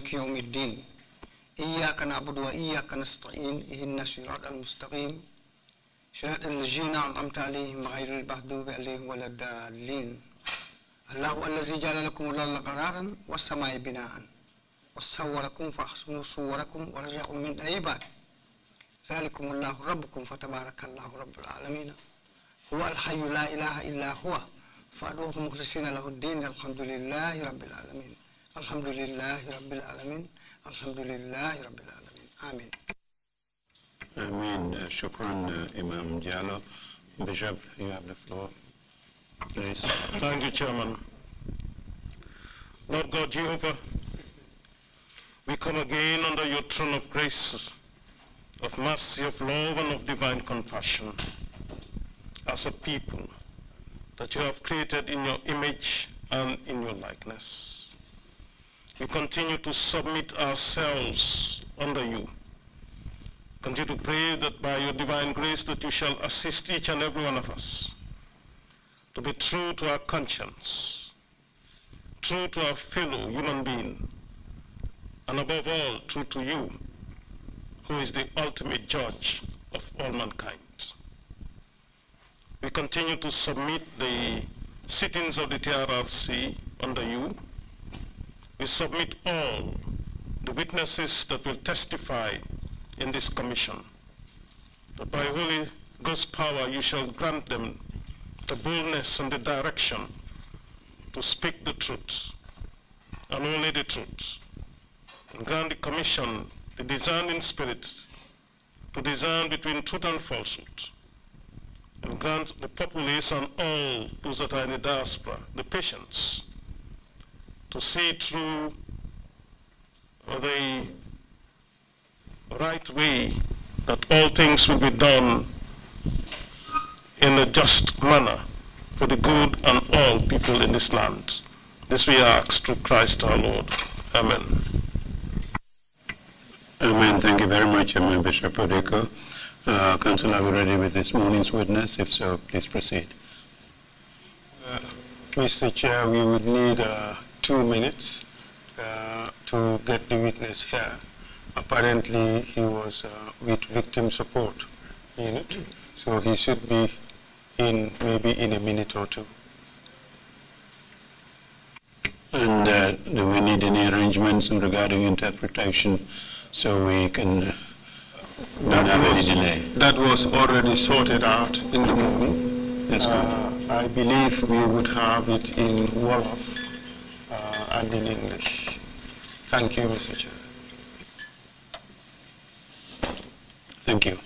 مالك يوم الدين إياك نعبد وإياك نستعين إهدنا الصراط المستقيم صراط الذين أنعمت عليهم غير المغضوب عليهم ولا الضالين الله الذي جعل لكم الأرض قرارا والسماء بناء وصوركم فأحسنوا صوركم ورزقكم من طيبات ذلكم الله ربكم فتبارك الله رب العالمين هو الحي لا إله إلا هو فأدوه مخلصين له الدين الحمد لله رب العالمين Alhamdulillah, Rabbil Alamin. Alhamdulillahi Rabbil Alamin. Amin. Amin. Uh, shukran, uh, Imam Diallo. Bishop, you have the floor. Please. Thank you, Chairman. Lord God Jehovah, we come again under your throne of grace, of mercy, of love, and of divine compassion as a people that you have created in your image and in your likeness. We continue to submit ourselves under you. Continue to pray that by your divine grace that you shall assist each and every one of us to be true to our conscience, true to our fellow human being, and above all, true to you, who is the ultimate judge of all mankind. We continue to submit the sittings of the TRRC under you, we submit all the witnesses that will testify in this commission. That by Holy God's power you shall grant them the boldness and the direction to speak the truth and only the truth. And grant the commission the discerning spirit to discern between truth and falsehood. And grant the populace and all those that are in the diaspora the patience to see through the right way that all things will be done in a just manner for the good and all people in this land. This we ask through Christ our Lord. Amen. Amen. Thank you very much, Amen, Bishop Odeko. Uh, Council, are we ready with this morning's witness? If so, please proceed. Uh, Mr. Chair, we would need a uh, Two minutes uh, to get the witness here. Apparently, he was uh, with victim support unit, so he should be in maybe in a minute or two. And uh, do we need any arrangements regarding interpretation so we can uh, that have was, any delay? That was already sorted out in the morning. That's good. Uh, I believe we would have it in Wolof and in English. Thank you, Mr. Chair. Thank you.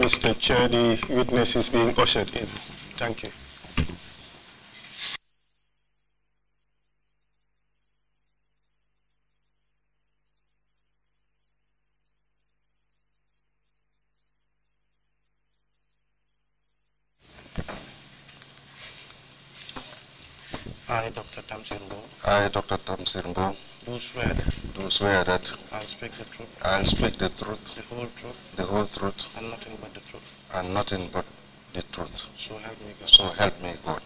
Mr. Chair, the witness is being ushered in. Thank you. I, Dr. Tamsir Mbong. Dr. Tamsir Mbong. Do swear do swear that I'll speak the truth. I'll speak the truth. The whole truth. The whole truth. And nothing but the truth. And nothing but the truth. So help me God. So help me God.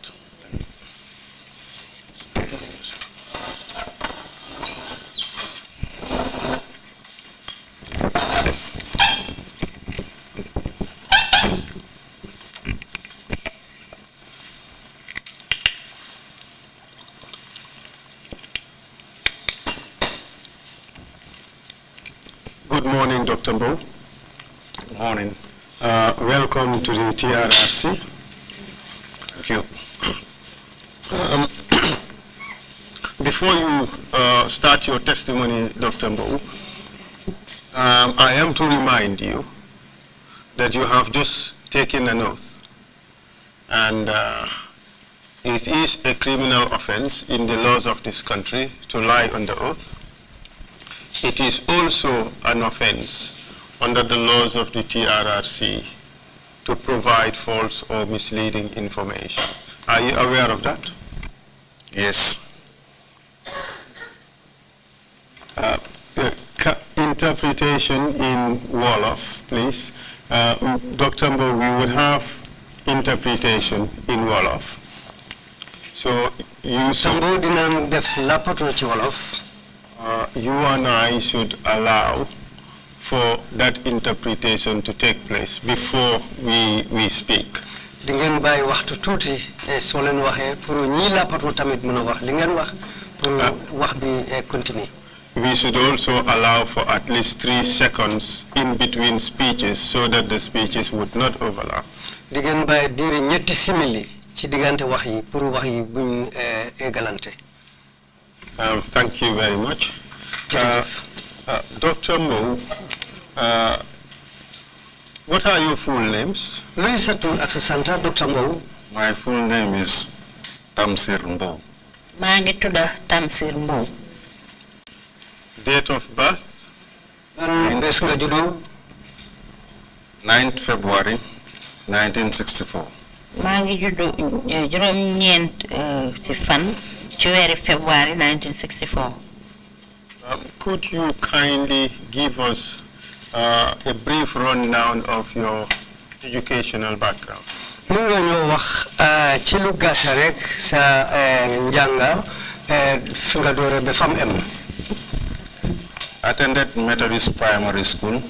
Good morning. Uh, welcome to the TRRC. Thank you. Um, before you uh, start your testimony, Dr. Mbou, um, I am to remind you that you have just taken an oath. And uh, it is a criminal offense in the laws of this country to lie on the oath. It is also an offense under the laws of the TRRC to provide false or misleading information. Are you aware of that? Yes. Uh, uh interpretation in Wolof, please. Uh, um, Dr. Mbo, we would have interpretation in Wolof. So you should... Uh, you and I should allow for that interpretation to take place before we, we speak. We should also allow for at least three seconds in between speeches so that the speeches would not overlap. simili buñ égalante. Eh, um, thank you very much. Uh, Dr. Mo, uh, what are your full names? Register to Access Center, Dr. Mo. My full name is Tamsir Mo. Mbo. Mangituda Tamsir Mo. Date of birth? Um, 9th February 1964. Mangi judo jurom ñent ci fan February, 1964. Um, could you kindly give us uh, a brief rundown of your educational background? mën nañoo wax uh, ci lu gàtt rek sa uh, njànga fi nga doore ba fam em. attended Methodist Primary School.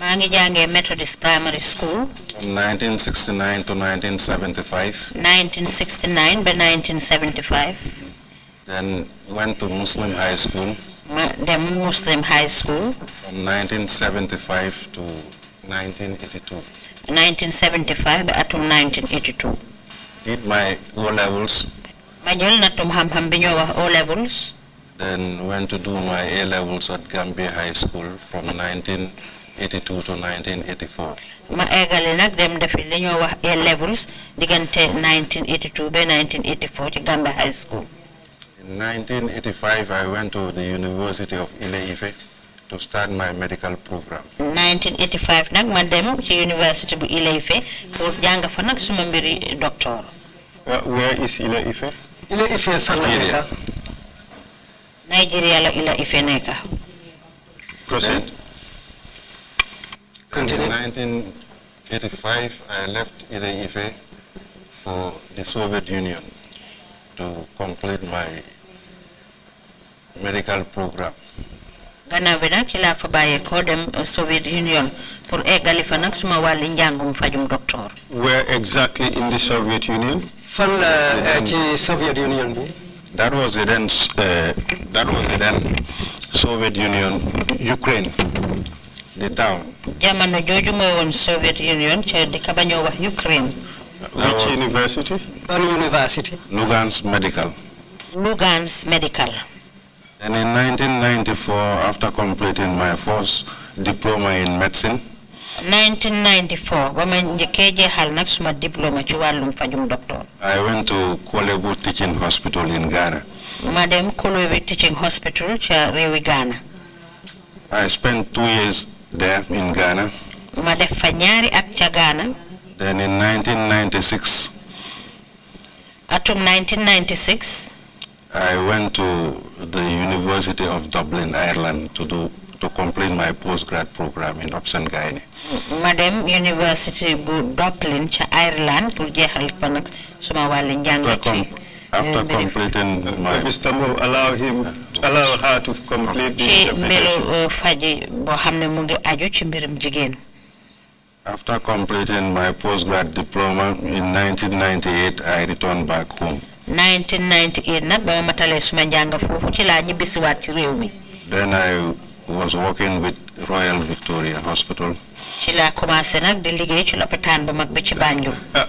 maa ngi jàngee Methodist Primary School. from 1969 to 1975. 1969 ba 1975. then went to Muslim High School the Muslim High School. From 1975 to 1982. 1975 to 1982. Did my O-levels. na O-levels. Then went to do my A-levels at Gambia High School from 1982 to 1984. Ma A-levels diggante 1982 ba 1984 Gambia High School. 1985, I went to the University of Ile-Ife to start my medical program. 1985 I ma dem university of Ile-Ife the jàng fa nag doctor. Uh, where is Ile-Ife? Ile-Ife Nigeria. Nigeria is Ile-Ife Proceed. Continue. In 1985, I left Ile-Ife for the Soviet Union to complete my medical program gannaaw bi nag ci laa fa bàyyeekoo dem euh, Soviet Union pour eggali fa nag suma wàlli njàngum fajum docteur. where exactly in the Soviet Union. fan la euh, ci Soviet Union bi. that was the then euh, that was the then Soviet Union Ukraine the town. jamono jooju mooy woon Soviet Union ca dëkk ba ñoo wax Ukraine. which university. ban university. Lugansk Medical. Lugansk Medical. And in 1994, after completing my first diploma in medicine, 1994 ba ma njëkkee jeexal nag suma diplôme ci wàllum fajum docteur. I went to Kolebu teaching hospital in Ghana. ma dem Kolebu teaching hospital ca réewi Ghana. I spent two years there in Ghana. ma def fa at ca Ghana. then in 1996. atum 1996. I went to the University of Dublin, Ireland to do to complete my postgrad program in option gyne. Madam, university bu Dublin Ireland after eh, completing my. Mr. Mo allow him allow her to complete the ci eh, after completing my postgrad diploma in 1998 I returned back home. 1998 Then I was working with Royal Victoria Hospital. ci uh, uh,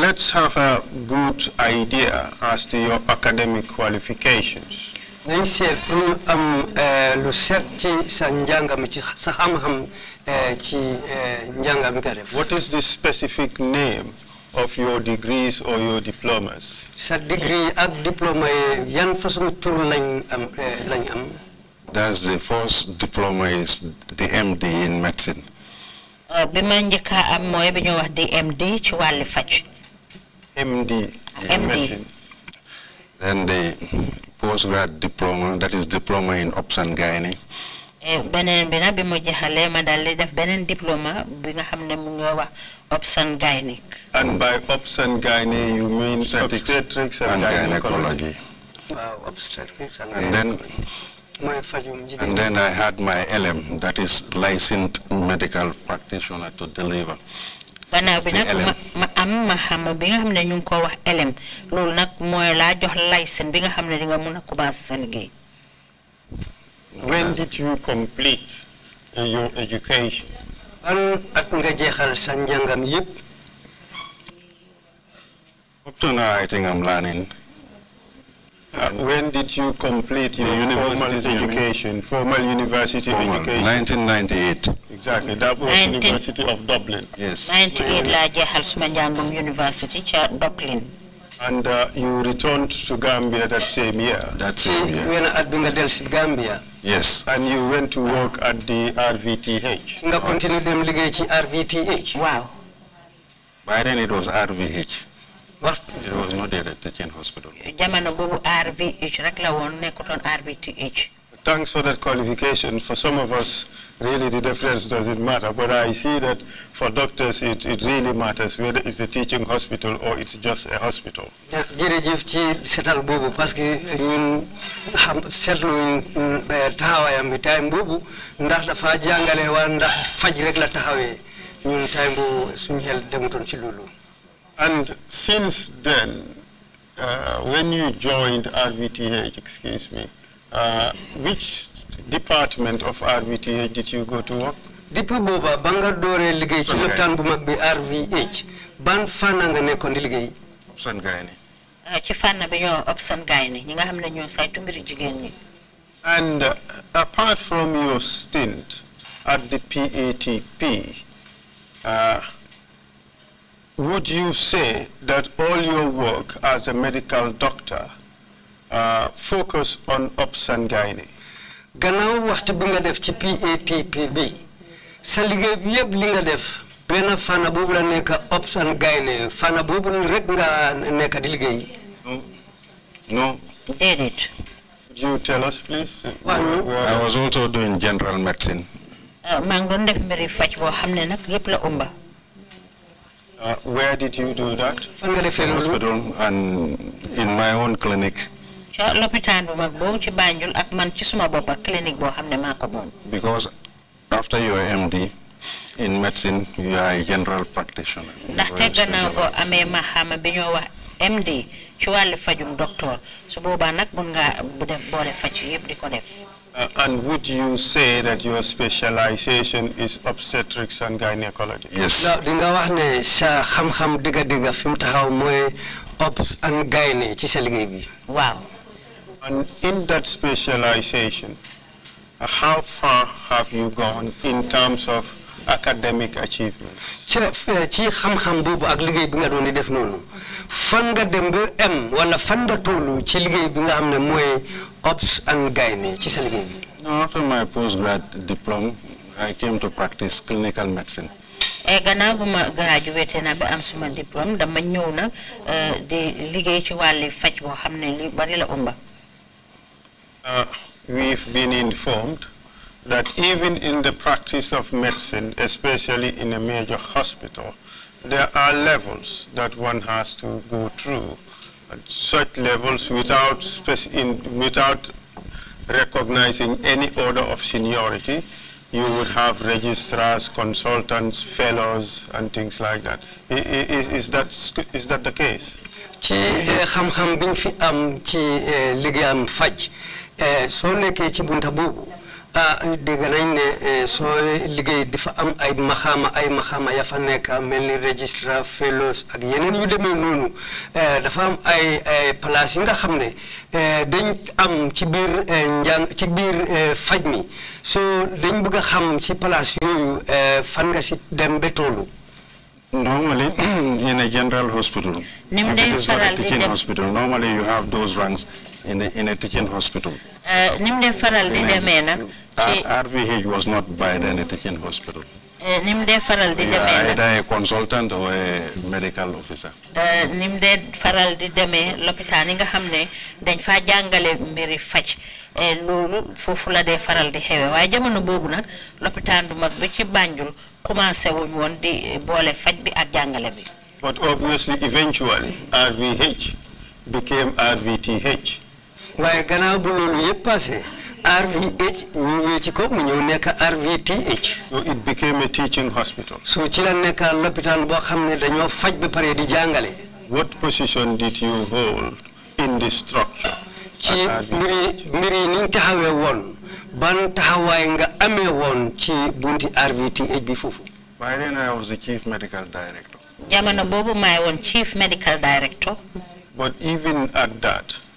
let's have a good idea as to your academic qualifications. am eh, eh, eh, What is the specific name? of your degrees or your diplomas? Sa degree ak diploma yan façon tour lañ am eh, lañ am. That's the first diploma is the MD in medicine. Uh, bi ma njëkk am mooy bi ñu wax di MD ci wàllu faj. MD in medicine. Then the postgrad diploma, that is diploma in obstetrics and gynae. Eh, Benen bi nag bi mu jeexalee ma daal di def beneen diplôme bi nga xam mu ngi wax obstétrics and and by obstetrics and you mean. obstetrics and gynecology. waaw obstetrics and gynecology. And then I had my LM, that is licensed medical practitioner to deliver. gannaaw bi nag ma am ma xam bi nga xam ñu ko wax LM loolu nag mooy laa jox license bi nga xam ne di nga mun a commencé sa when did you complete uh, your education? ban at nga jeexal sa njàngam yëpp. Up to now, I think I'm learning. Uh, when did you complete your formal education, formal university formal. education? 1998. Exactly, that was 19, University of Dublin. Yes. 98 laa jeexal suma njàngum university Dublin. And uh, you returned to Gambia that same year? That same year. When I at Bengadel, Gambia. Yes. And you went to work at the RVTH. Nga continued dem liggéey RVTH. Wow. By then it was RVH. What? It was not the Techen Hospital. Jamono bobu RVH rakla la won RVTH thanks for that qualification. For some of us, really the difference doesn't matter. But I see that for doctors, it, it really matters whether it's a teaching hospital or it's just a hospital. setal mm, eh, And since then, uh, when you joined RVTH, excuse me, uh, which department of RVTH did you go to work? Dipo boba bangar dore ligay ci lopitan bu mag bi RVH ban fan nga ne di ligay Opsan Gayne ci fan na ñoo Opsan Gayne ñi nga xamne ñoo saytu mbiri jigen ñi And uh, apart from your stint at the PATP uh, would you say that all your work as a medical doctor uh, focus on Opsan Gaini? waxtu bi nga def ci sa bi li nga def fana la Opsan Gaini fana rek nga di No. you tell us please? I was also doing general medicine. Ah, uh, where did you do that? hospital and in my own clinic. ca lopitaan bu mag boobu ci Banjul ak man ci suma bopp ak clinique boo xam ne maa ko moom. because after your MD. in medicine you are a general practitioner. ndaxte gannaaw boo amee maxaama bi ñoo wax MD ci wàllu fajum docteur su boobaa nag mun ngaa bu def boole faj yëpp di ko def. Uh, and would you say that your specialization is obstetrics and gynecology? Yes. No, dinga wax ne sa xam-xam digga digga fi mu taxaw mooy obs and gyne ci sa liggéey bi. waaw. And in that specialization, how far have you gone in terms of academic achievements? def wala ops and gynae after my postgrad diploma, I came to practice clinical medicine. gannaaw ma graduate na ba am li uh, we've been informed that even in the practice of medicine, especially in a major hospital, there are levels that one has to go through. At such levels without, in, without recognizing any order of seniority, you would have registrars, consultants, fellows, and things like that. Is, is that, is that the case? Eh, Eh, soo nekkee ci bunta boobu ah dégg nañ ne eh, soo liggéey dafa am ay maxaama ay maxaama ya fa nekk mel registrar fellows ak yeneen yu demee noonu eh, dafa am ay place yi nga xam dañ am ci biir njàng ci biir faj mi dañ bëgg xam ci place yooyu fan nga si dem ba tollu Normally, in a general hospital, if it is not teaching hospital, normally you have those ranks in the in a teaching hospital. Eh, nim de faral di deme. nag. RVH was not by the a teaching hospital. Eh, nim de faral di deme. nag. either a consultant or a medical officer. nim de faral di deme. lopitaan yi nga den ne jangale faa jàngale mbiri faj eh, loolu foofu la faral di xewe waaye jamono boobu nag lopitaan bu mag bi ci Banjul commencé wuñ woon di boole faj bi ak jàngale bi. But obviously, eventually, RVH became RVTH. wayaganao bulolu yeppase RVH wechi ko munyewneka RVTH so it became a teaching hospital so ci la nekk l'hôpital boo xam ne dañoo faj ba pare di jàngale what position did you hold in this structure ci mbiri mbiri ni taxawee woon ban taxawaay nga amee woon ci bunti RVTH bi foofu by then I was the chief medical director jamono boobu maay woon chief medical director but even at that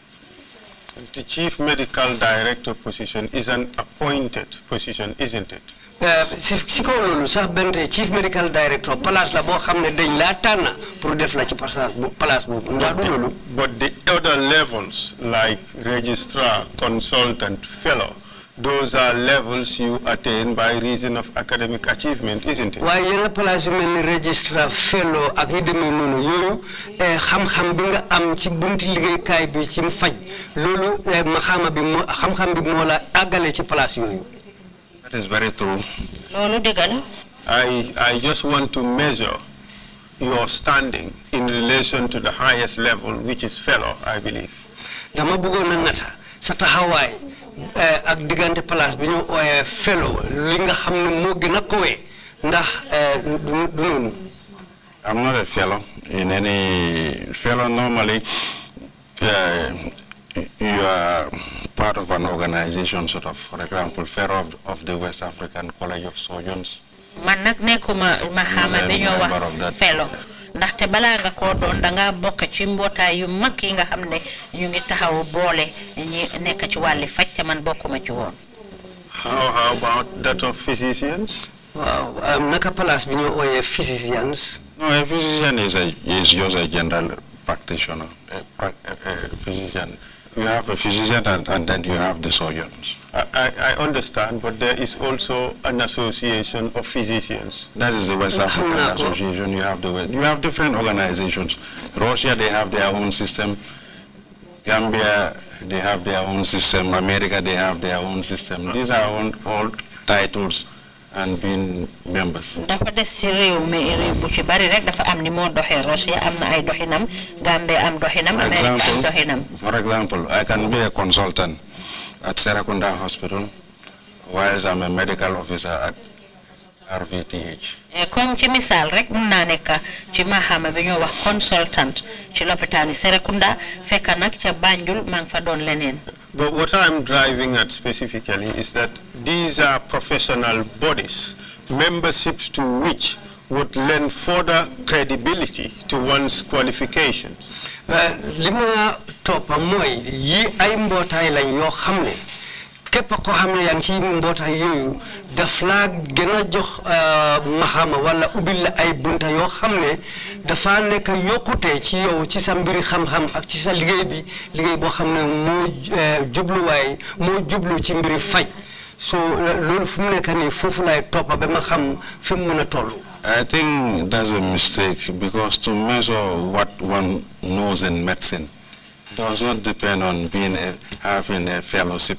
the chief medical director position is an appointed position, isn't it? si kaw loolu sax chief medical director place la boo xam ne dañ laa tànn pour def la ci place but the other levels like registrar consultant fellow those are levels you attain by reason of academic achievement, isn't it? Why you're a mel ni registrar fellow ak yi demee noonu yooyu eh, xam-xam am ci bunti liggéeykaay bi ci faj loolu eh, maxaama bi moo xam-xam bi moo la àggale ci place that is very true. no, dëgg la. I I just want to measure your standing in relation to the highest level which is fellow I believe. dama bëggoon a nata sa taxawaay. Eh, ak place li nga eh, du I'm not a fellow eh, in any fellow normally you are part of an organization sort of for example fellow of, of the West African College of Surgeons man ma xama wax felo nga ci yu yi nga ñu ngi taxaw boole ñi ci wàlli man ci how how about that of physicians waaw naka place bi ñu ooyee physicians no a physician is a is just a general practitioner a physician you have a physician and then you have the surgeons I, I, understand, but there is also an association of physicians. That is the West African Association. You have the you have different organizations. Russia, they have their own system. Gambia, they have their own system. America, they have their own system. These are all, all titles and being members. dafa ci bu ci bari rek dafa am ni Russia ay doxinam am doxinam. am doxinam. For example, I can be a consultant at Serakunda Hospital, whilst I'm a medical officer at RVTH. Eh, comme ci misaal rek mun naa nekk ci maxaama consultant ci lopitaani Serekunda fekk Banjul maa ngi But what I'm driving at specifically is that these are professional bodies, memberships to which would lend further credibility to one's qualifications. Eh, li ma toppa mooy yii ay mbootaay lañ yoo xam ne képp koo xam ne yaa ngi ci mbootaay yooyu daf laa gën a jox eh, maxama wala ubbil la ay bunta yoo xam ne dafa nekk yokkute ci yow ci sa mbiri xam-xam ak ci sa liggéey bi liggéey boo xam ne moo eh, jubluwaay moo jublu ci mbiri faj soo loolu fu mu nekk nii foofu laay toppa ba ma xam fi mu mun a tollu I think that's a mistake because to measure what one knows in medicine does not depend on being a, having a fellowship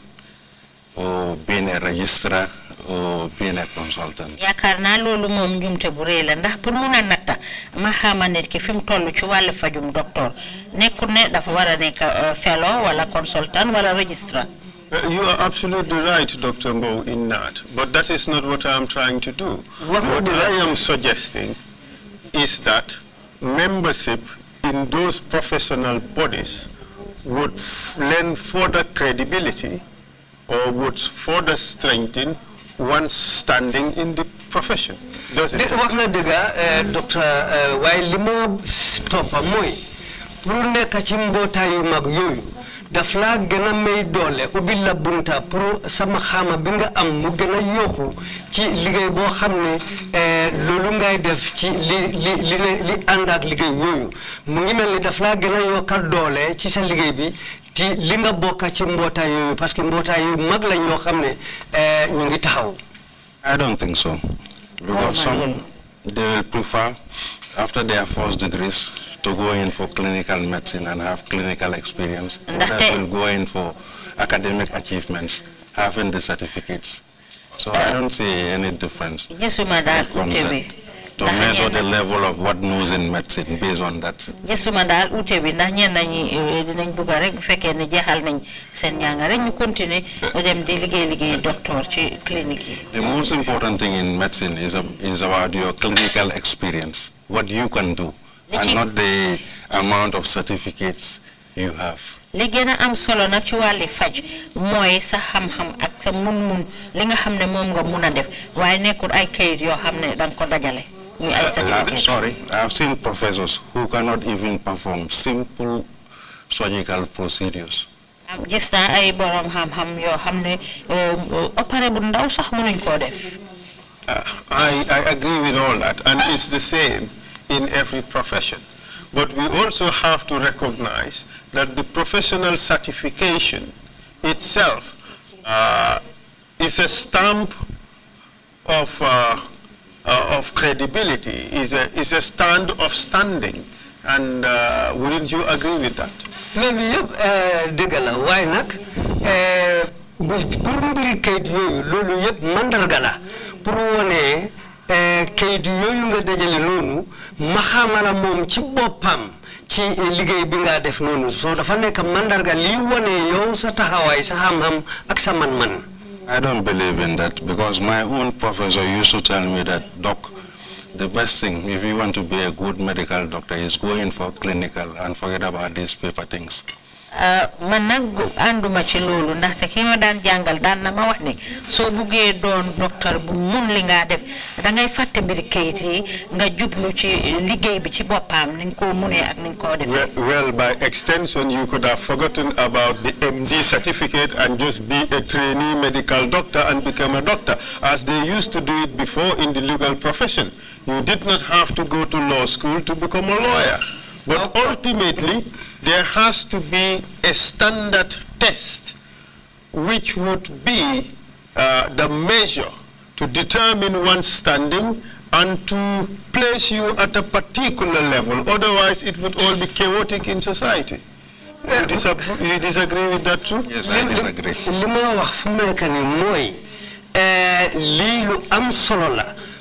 or being a registrar or being a consultant. yaakaar naa loolu moom njumte bu rëy la ndax pour mun a natta ma xaama ki fi mu toll ci wàllu fajum doctor nekkul dafa war a nekk euh, fellow wala consultant wala registrar. you are absolutely right, Dr. Mo, in that. But that is not what I am trying to do. What, what I am suggesting is that membership in those professional bodies would lend further credibility or would further strengthen one's standing in the profession. Does it? daf laa gën a may doole ubbi la bunta pour sama xaama bi nga am mu gën a yokku ci liggéey boo xam ne eh, loolu ngay def ci li li li li ànd ak liggéey yooyu mu ngi mel ni daf laa gën a yokka doole ci sa liggéey bi ci li nga bokka ci mbootaay yooyu parce que mbootaay yu mag lañ yoo xam ne eh, ñu ngi taxaw. I don't think so. Oh because to go in for clinical medicine and have clinical experience. Others will go in for academic achievements, having the certificates. So uh, I don't see any difference. Yes, madam. To measure the level of what knows in medicine based on that. Yes, madam. Ute bi ndax ñen nañi dinañ eh, bëgg rek fekkee ne jeexal nañ seen ñaanga rek ñu continuer dem di liggéey liggéey docteur ci clinique yi. The most important thing in medicine is, a, is about your clinical experience, what you can do and not the amount of certificates you have. li gën am solo nag ci wàlli faj mooy sa xam-xam ak sa mun-mun li nga xam ne moom nga mun a def waaye nekkul ay kayit yoo xam ne danga ko dajale. muy ay uh, uh, certificate sorry I've seen professors who cannot even perform simple surgical procedures. gis naa ay borom xam-xam yoo xam ne uh, opéré bu ndaw sax mënuñ koo def. I I agree with all that and it's the same in every profession. But we also have to recognize that the professional certification itself uh, is a stamp of, uh, uh, of credibility, is a, is a stand of standing. And uh, wouldn't you agree with that? loolu you dëgg why waaye uh, pour mbiri kayit yooyu loolu yëpp mandarga pour Eh, kayit yooyu nga dajale noonu moom ci boppam ci liggéey bi nga def noonu soo dafa nekk mandarga wane yow sa taxawaay sa xam-xam ak sa man-man. I don't believe in that because my own professor used to tell me that, Doc, the best thing if you want to be a good medical doctor is go in for clinical and forget about these paper things. Eh, jàngal na ma wax docteur bu mun li def fàtte nga ci bi ci ni ak ni well by extension you could have forgotten about the MD certificate and just be a trainee medical doctor and become a doctor as they used to do it before in the legal profession you did not have to go to law school to become a lawyer but ultimately there has to be a standard test which would be uh, the measure to determine one's standing and to place you at a particular level. Otherwise, it would all be chaotic in society. You, disab you disagree with that too? Yes, I disagree.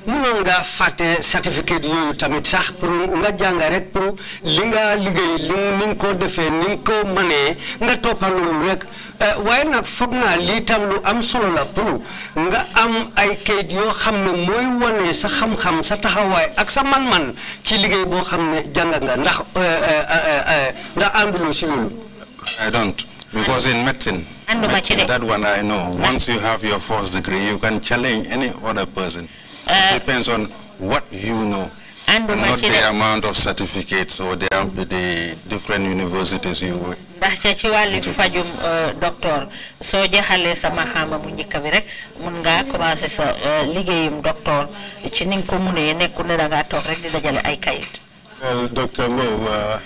mënoon nga fàtte certificate yooyu tamit sax pour nga jàng rek pour li nga liggéey li ni nga ko defee ni nga ko mënee nga toppa rek eh, waaye nag foog naa lii tam lu am solo la pour nga am ay kayit yoo xam ne mooy wane sa xam-xam sa taxawaay ak sa man-man ci liggéey boo xam ne jàng nga ndax eh, eh, ndax ànduloo si loolu. I don't. Because in medicine, that one I know, once you have your first degree, you can challenge any other person. Uh, it depends on what you know, and not the amount of certificates or the, um, the different universities you work. ndax ca ci wàllu fajum uh, docteur soo jaxalee sa maxaama bu njëkk bi rek mun ngaa commencé sa liggéeyum docteur ci da di dajale well doctor Mbow uh,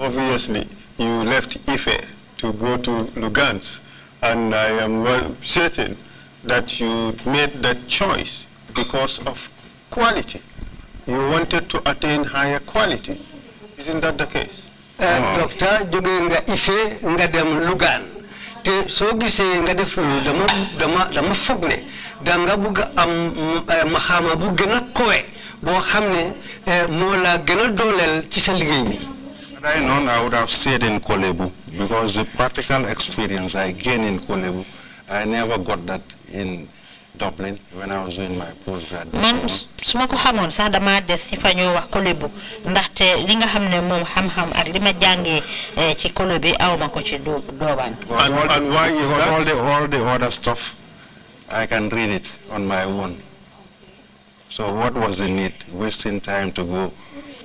obviously you left Ife to go to Lugansk. And I am well certain that you made that choice because of quality. You wanted to attain higher quality. Isn't that the case? Uh, Doctor, jóge nga Ife nga dem Lugan te soo gisee nga def loolu dama dama dama foog ne danga bugg am uh, mahama bu gën a kowe boo uh, la gën dole dooleel ci sa liggéey Had I known, I would have said in Kolebu because the practical experience I gained in Kolebu, I never got that in Dublin when I was doing my postgrad. man su ma ko xamoon sax damaa des ci fa ñoo wax kole ham ndaxte li nga xam ne moom do xam ak eh, and why is that? all the all the other stuff I can read it on my own so what was the need wasting time to go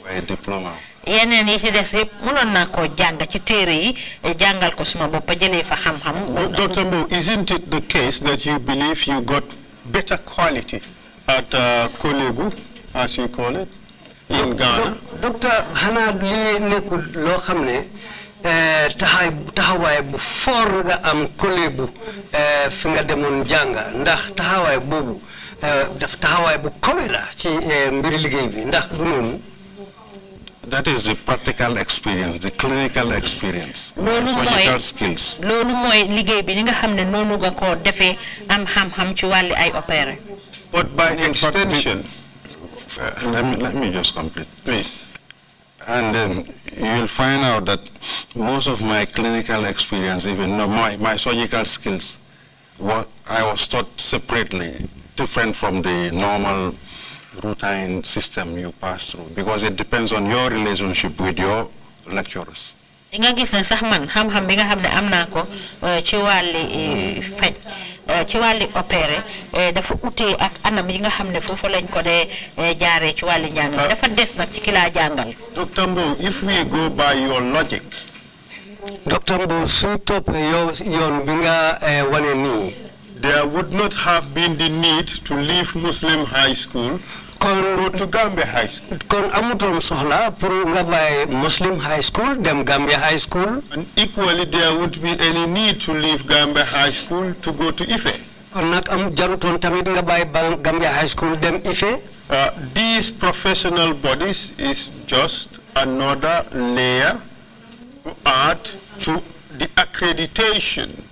for a diploma. yeneen yi ci des yëpp mënoon naa ko jàng ci téere yi eh, jàngal ko suma bopp jëlee fa xam-xam. docteur Mbow, is it the case that you believe you got better quality at uh, Kolegu as you call it in Ghana. docteur xanaa li nekkul loo xam ne eh, taxaay taxawaay bu for nga am Kolegu eh, fi nga demoon jànga ndax taxawaay boobu daf taxawaay bu kawe la ci mbiri liggéey bi ndax du noonu. that is the practical experience the clinical experience surgical skills loolu mooy am ay but by extension uh, let, me, let me just complete please and um, you'll find out that most of my clinical experience even no, my, my surgical skills what I was taught separately different from the normal routine system you pass through because it depends on your relationship with your lecturers. nga gis ne sax man Ham xam bi nga ne am ko eh, ci wàlli eh, faj eh, ci wàlli opéré dafa utee ak anam yi ham xam ne foofu lañ ko dee jaaree ci wàlli njàng ah. des nag ci ki jàngal. Doctor Mbow if we go by your logic. Doctor Mbow suto pe yow yon bi nga wane nii. there would not have been the need to leave Muslim high school kon to Gambia High School. kon amutoon soxla pour nga bàyyi Muslim High School dem Gambia High School. and equally there won't be any need to leave Gambia High School to go to Ife. kon nag am jarutoon tamit nga bàyyi Gambia High School dem Ife. Uh, these professional bodies is just another layer to add to the accreditation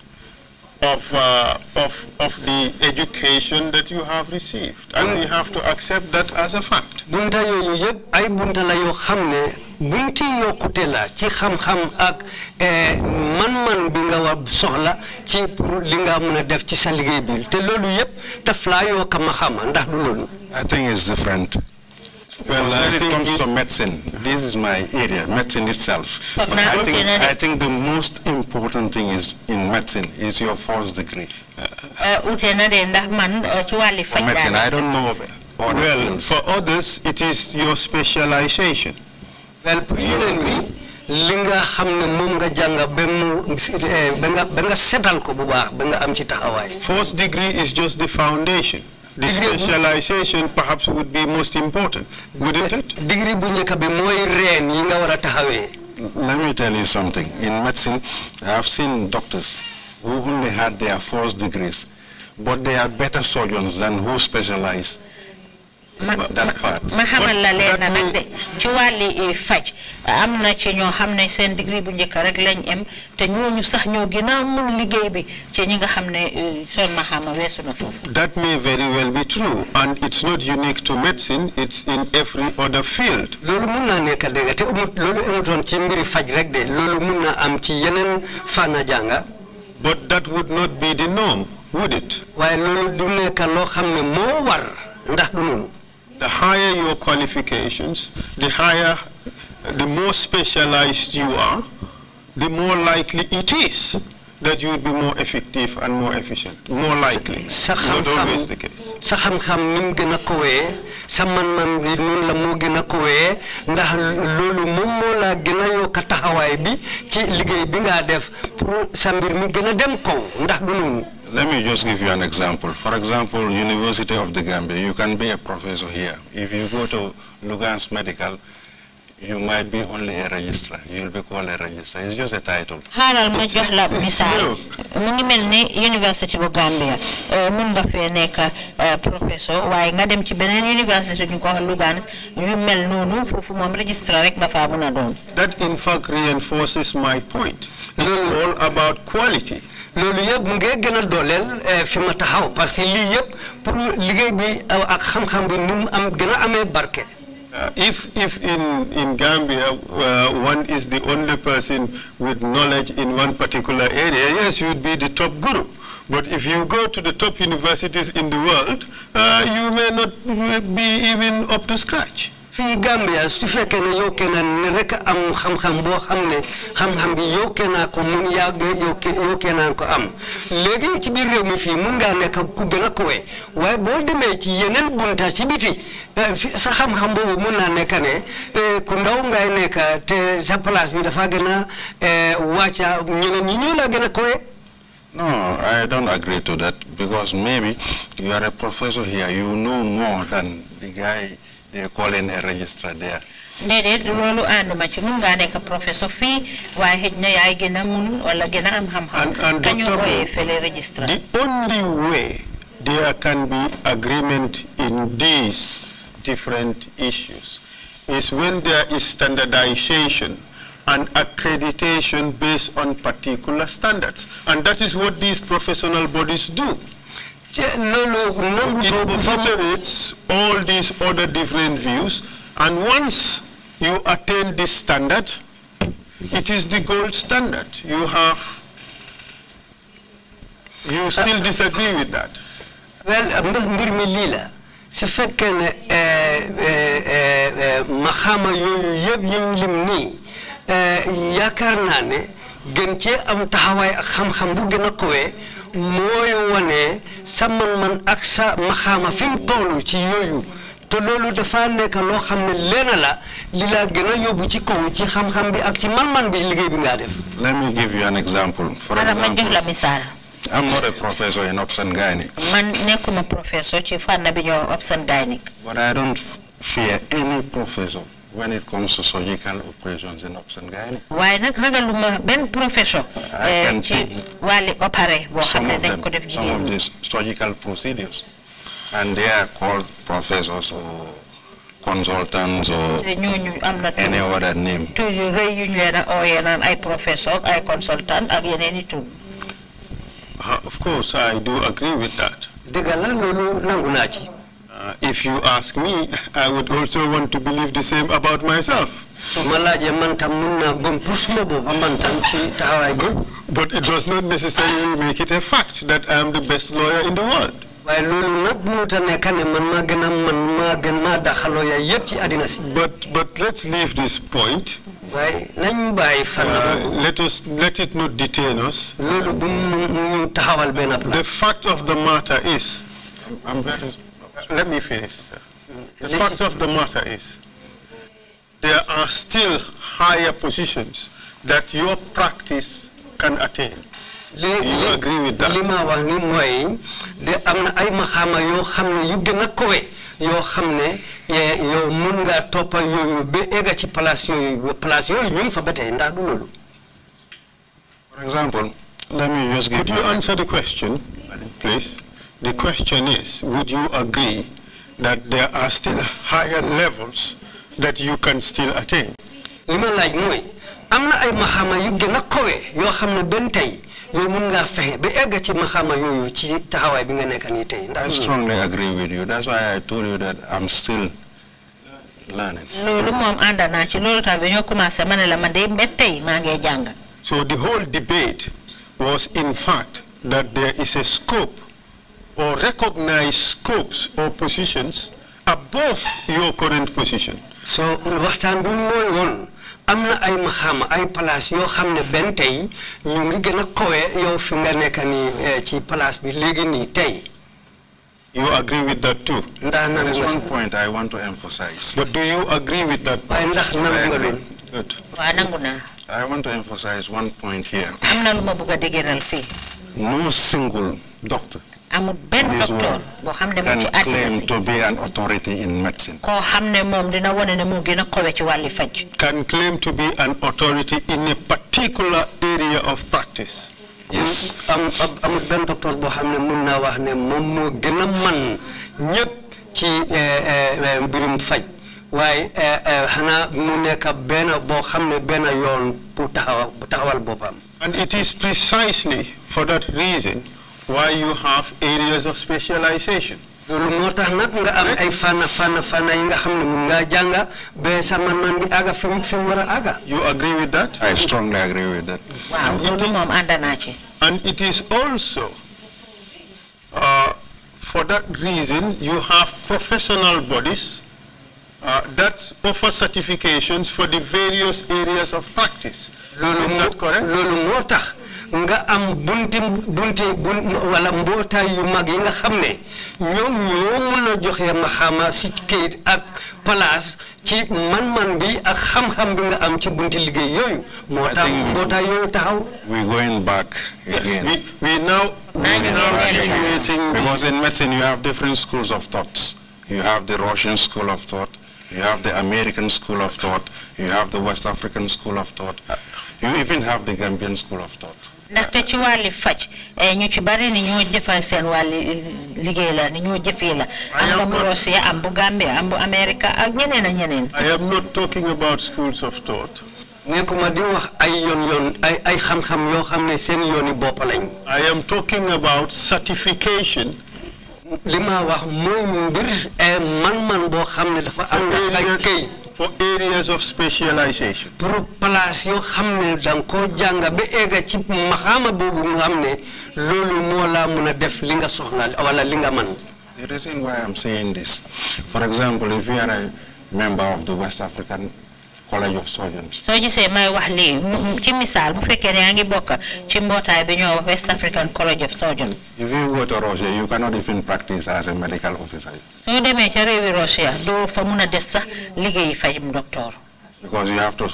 of, uh, of, of the education that you have received. And we have to accept that as a fact. Bunta yo yeb, ay bunta la yo xamne bunti yo kutela ci xam xam ak eh, man man bi nga war soxla ci pour li nga mëna def ci sa liggéey bi te loolu yep daf la yo xam xam ndax du I think it's different. Well, when it comes to medicine, this is my area, medicine itself. But, I, think, I think the most important thing is in medicine is your first degree. Uh, uh, uh medicine, I don't know of it. Well, fields. for others, it is your specialization. Well, primarily, linga xamne munga janga benga ba eh, setal ko bu baax ba nga am first degree is just the foundation the specialization perhaps would be most important, wouldn't it? Let me tell you something. In medicine, I've seen doctors who only had their first degrees, but they are better surgeons than who specialize ma xamal la leen nag de ci wàlli faj am na ci ñoo xam ne seen degré bu njëkk rek lañ em te ñooñu sax ñoo gën a mun liggéey bi ci ñi nga xam ne euh, seen maxaama weesu na foofu. That may very well be true and it's not unique to medecine it's in every other field. loolu mun naa nekk dëgg te amut loolu amutoon ci mbiri faj rek de loolu mun naa am ci yeneen fànna jànga. But that would not be the norm would it. waaye loolu du nekk loo xam ne moo war ndax du noonu. the higher your qualifications, the higher, the more specialized you are, the more likely it is that you would be more effective and more efficient. More likely. Not always the case. man la ndax bi ci liggéey bi def pour sa mbir mi dem ndax du let me just give you an example. For example, University of the Gambia, you can be a professor here. If you go to Lugans Medical, you might be only a registrar. You'll be called a registrar. It's just a title. Haral ma jox la misaal mu ngi mel university of Gambia euh, mun nga fee nekk euh, professeur waaye nga dem ci beneen university ñu ko wax Lugans yu mel noonu foofu moom registrar rek nga faa mun doon. That in fact reinforces my point. It's all about quality gën eh, bi bi am gën barke. Uh, if if in in Gambia uh, one is the only person with knowledge in one particular area, yes, you would be the top guru. But if you go to the top universities in the world, uh, you may not be even up to scratch. fi Gambia su fekkee ne yow kee ne rek am xam-xam boo xam ne xam-xam bi yow kee naa ko mun yàgg yow kee naa ko am léegi ci biir réew mi fii mun ngaa nekk ku gën a kowe waaye boo demee ci yeneen bunta ci biti eh, sa xam-xam boobu mun naa nekk ne eh, ku ndaw ngay nekk te sa place bi dafa gën a eh, wàcca ñeneen ñi ñoo laa gën a kowe No, I don't agree to that because maybe you are a professor here, you know more than the guy they call in a registrar there. mun wala am fële registrar. The only way there can be agreement in these different issues is when there is standardization and accreditation based on particular standards. And that is what these professional bodies do. It proliferates all these other different views, and once you attain this standard, it is the gold standard. You have, you still disagree with that. Well, mbir mi lii la su fekkee ne eh, eh, eh, ma xamal yooyu yëpp yi ñu lim nii yaakaar naa ne gën cee am taxawaay ak xam-xam mooy wane man-man ak sa maxaama ci yooyu te loolu dafa nekk loo xam leena la li ci ci xam-xam bi ak ci man-man bi bi def. let me give you an example. for example I'm not a professor in Opsan Gynic. Man nekuma professor ci fànn bi ñoo But I don't fear any professor when it comes to surgical operations in Oxen Gyne. Why not ragaluma professional? profession. ci wàlli opéré Some of them. some of these surgical procedures and they are called professors or consultants or eh, any other name. To you, rëy yu ñu leen a ooyee oh, consultant again, any two. Uh, of course I do agree with that. dëgg la loolu nangu naa uh, if you ask me, I would also want to believe the same about myself. But it does not necessarily make it a fact that I am the best lawyer in the world. But, but let's leave this point. Uh, let us let it not detain us. The fact of the matter is, I'm very let me finish. The let fact of the matter is, there are still higher positions that your practice can attain. li li ma wax ni mooy de am na ay maxaama yoo xam ne yu gën a kowe yoo xam ne yow mun ngaa yo yooyu ba egga ci place yooyu place yooyu ñu ngi fa ba For example, let me just give you. you answer the question, please? The question is, would you agree that there are still higher levels that you can still attain? laaj ay yu kowe fexe ba ci ci bi nga nekk I strongly agree with you that's why I told you that I'm still learning. ci commencé la man jàng. so the whole debate was in fact that there is a scope or recognize scopes or positions above your current position. So waxtaan bu mooy am na ay maxaama ay place yoo xam ne benn tey ñu ngi gën a kowe yow fi nga nekk nii eh, ci place bi léegi nii tey. You agree with that too? That is one point I want to emphasize. But do you agree with that point? I agree. Good. Wa I want to emphasize one point here. No single doctor amul benn docteur ci can claim to be an authority in medicine. dina ne ci wàlli can claim to be an authority in a particular area of practice. yes am amul Ben docteur boo xam ne mun wax ne moom moo gën a man ñëpp ci eh, eh, eh, mbirum faj waaye xanaa mu nekk benn boo xam ne yoon pour taxawal and it is precisely for that reason why you have areas of specialization. loolu moo tax nag nga am ay fànna fànna fànna yi nga xam ne mun ngaa jànga ba sa man-man bi aga. fi fi mu war a àgga. you agree with that. I strongly agree with that. waaw loolu moom ànd naa ci. and it is also uh, for that reason you have professional bodies uh, that offer certifications for the various areas of practice. loolu moo tax nga am bunti bunti wala yu mag yi nga ñoo joxe ak place ci man-man bi ak xam-xam bi nga am ci bunti taxaw. we going back. again we now. because in medicine you have different schools of thoughts. You have the Russian school of thought. You have the American school of thought. You have the West African school of thought. You even have the Gambian school of thought. ndaxte ci wàlli faj eh, ñu ci bari ni ñoo jëfal seen wàlli eh, liggéey la ni ñoo jëfee la am bu Russia am bu Gambie am bu America ak ñeneen ak ñeneen I am not talking about schools of thought ma di wax ay yoon yoon ay ay xam-xam yoo xam ne seen yooni bopp lañ I am talking about certification li ma wax mooy mbir eh, man-man boo xam ne dafa am ak kay. for areas of specialization. def man the reason why I'm saying this for example if you are a member of the West African wala your servant. soo gisee may wax lii ci misaal bu fekkee ne yaa ngi ci bi ñoo West African College of Surgeons. if you go to Russia you cannot even practice as a medical officer. soo demee ca réewi Russia doo fa mun def sax liggéey fajum docteur. because you have to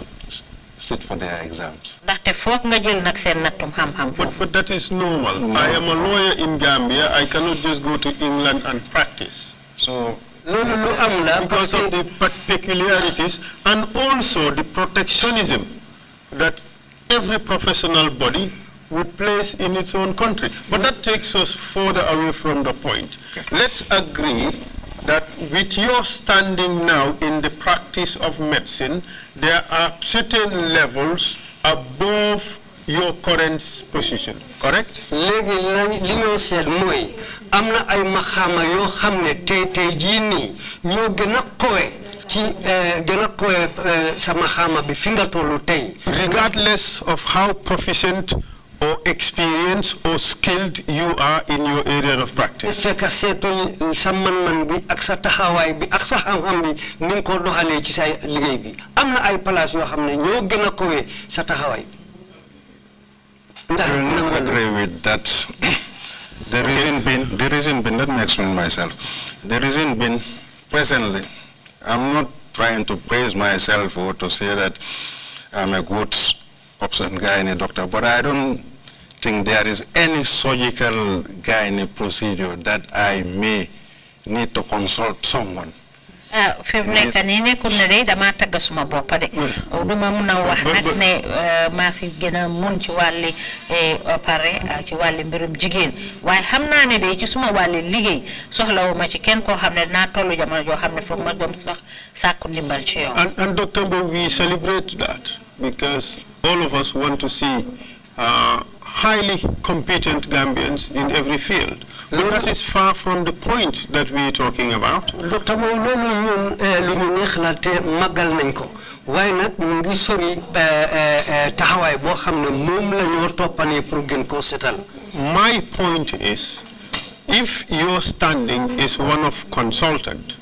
sit for their exams. ndaxte foog nga jël nag seen nattum xam-xam. but but that is normal. I am a lawyer in Gambia I cannot just go to England and practice. so because of the particularities and also the protectionism that every professional body would place in its own country. But that takes us further away from the point. Let's agree that with your standing now in the practice of medicine, there are certain levels above your current position correct léegi li ñoo seet ay mahama yo xam ne tey tey jii ñoo kowe ci gën a kowe euh, euh, sa maxaama bi fi nga tollu tay regardless of how proficient or experienced or skilled you are in your area of practice. que c'est un man-man bi ak sa taxaway bi ak sa xam-xam bi ni nga ko doxale ci sa liggéey bi amna ay place yo xamne ñoo gëna a sa taxaway I will not agree with that. the reason being, the reason being, let me explain myself. The reason being, presently, I'm not trying to praise myself or to say that I'm a good option a doctor, but I don't think there is any surgical guy in a procedure that I may need to consult someone Ah, fevrier kanene kon na de damaa tagga suma boppa de mm. duma mun a wax nag ne eh, maa fi gën a mun ci wàlli eh, pare ah, ci wàlli mbirum jigéen waaye xam naa ne de ci suma wàlli liggéey ma ci kenn koo xam ne naa tollu jamono joo xam ne ma gëm sax sàkku ndimbal ci yow and, and Dr. Mbo, we celebrate that because all of us want to see uh, highly competent Gambians in every field that is far from the point that we are talking about. waaye nag mu ngi sori taxawaay boo xam ne moom la ñoo pour gën koo setal. My point is if your standing is one of consultant.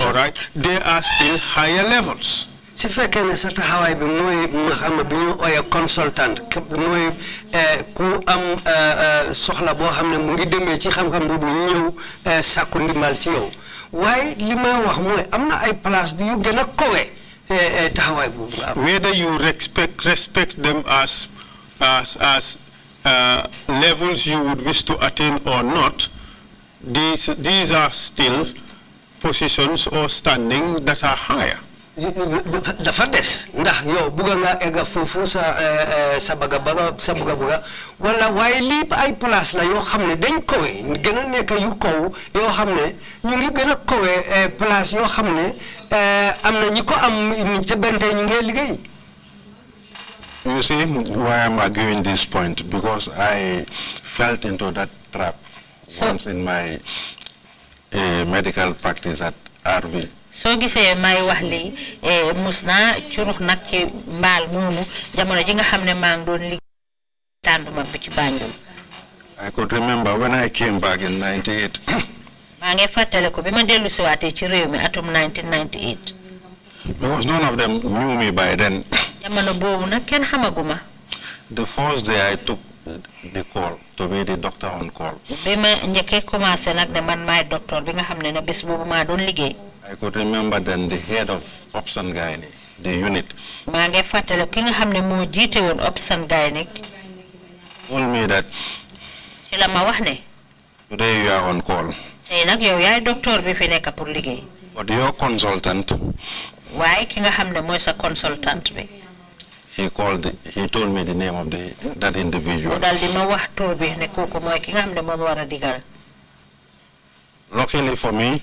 all right, there are still higher levels su fekkee ne sa taxawaay bi mooy maxama bi ñu ooyee consultant mooy eh, ku am eh, eh, soxla boo xam ne mu ngi demee ci xam-xam boobu ñu ñëw sàkku ndimbal ci yow waaye li ma wax mooy am na ay place yu gën a kowe taxawaay boobu nga am. whether you respect respect them as as as levels you would wish to attain or not these these are still positions or standing that are higher. dafa des ndax yow bugga nga egga foofu sa eh, eh, sa baga baga sa buga buga wala waaye lii ay place la yoo xam ne dañ kowe gën a nekk yu kaw yoo xam ne ñu ngi gën a kowe eh, place yoo xam ne am na ñi ko am ca benn tey ñu ngi liggéey. You see why I'm arguing this point because I felt into that trap once in my medical practice at RV. gisee may wax eh, ci jamono ji nga ngi doon liggéey ci Banjul. I could remember when I came back in 98. maa ngi fàttaliku bi ma dellu si ci mi atum 1998. because none of them knew me by then. jamono boobu nag kenn xamaguma. the first day I took the call to be the doctor on call. bi ma njëkkee commencé nag ne man maay docteur bi nga xam ne bés boobu maa doon liggéey. I could remember then the head of Opsan Gyne, the unit. maa ngi fàttali ki nga xam ne moo told me that. ci la ne. today you are on call. tey nag yow yaay docteur bi fi nekk pour liggéey. but your consultant. waaye ki nga xam ne sa consultant bi. he called he told me the name of the that individual. daal di ma wax tur bi ne kooku mooy ki nga xam ne moom digal. luckily for me.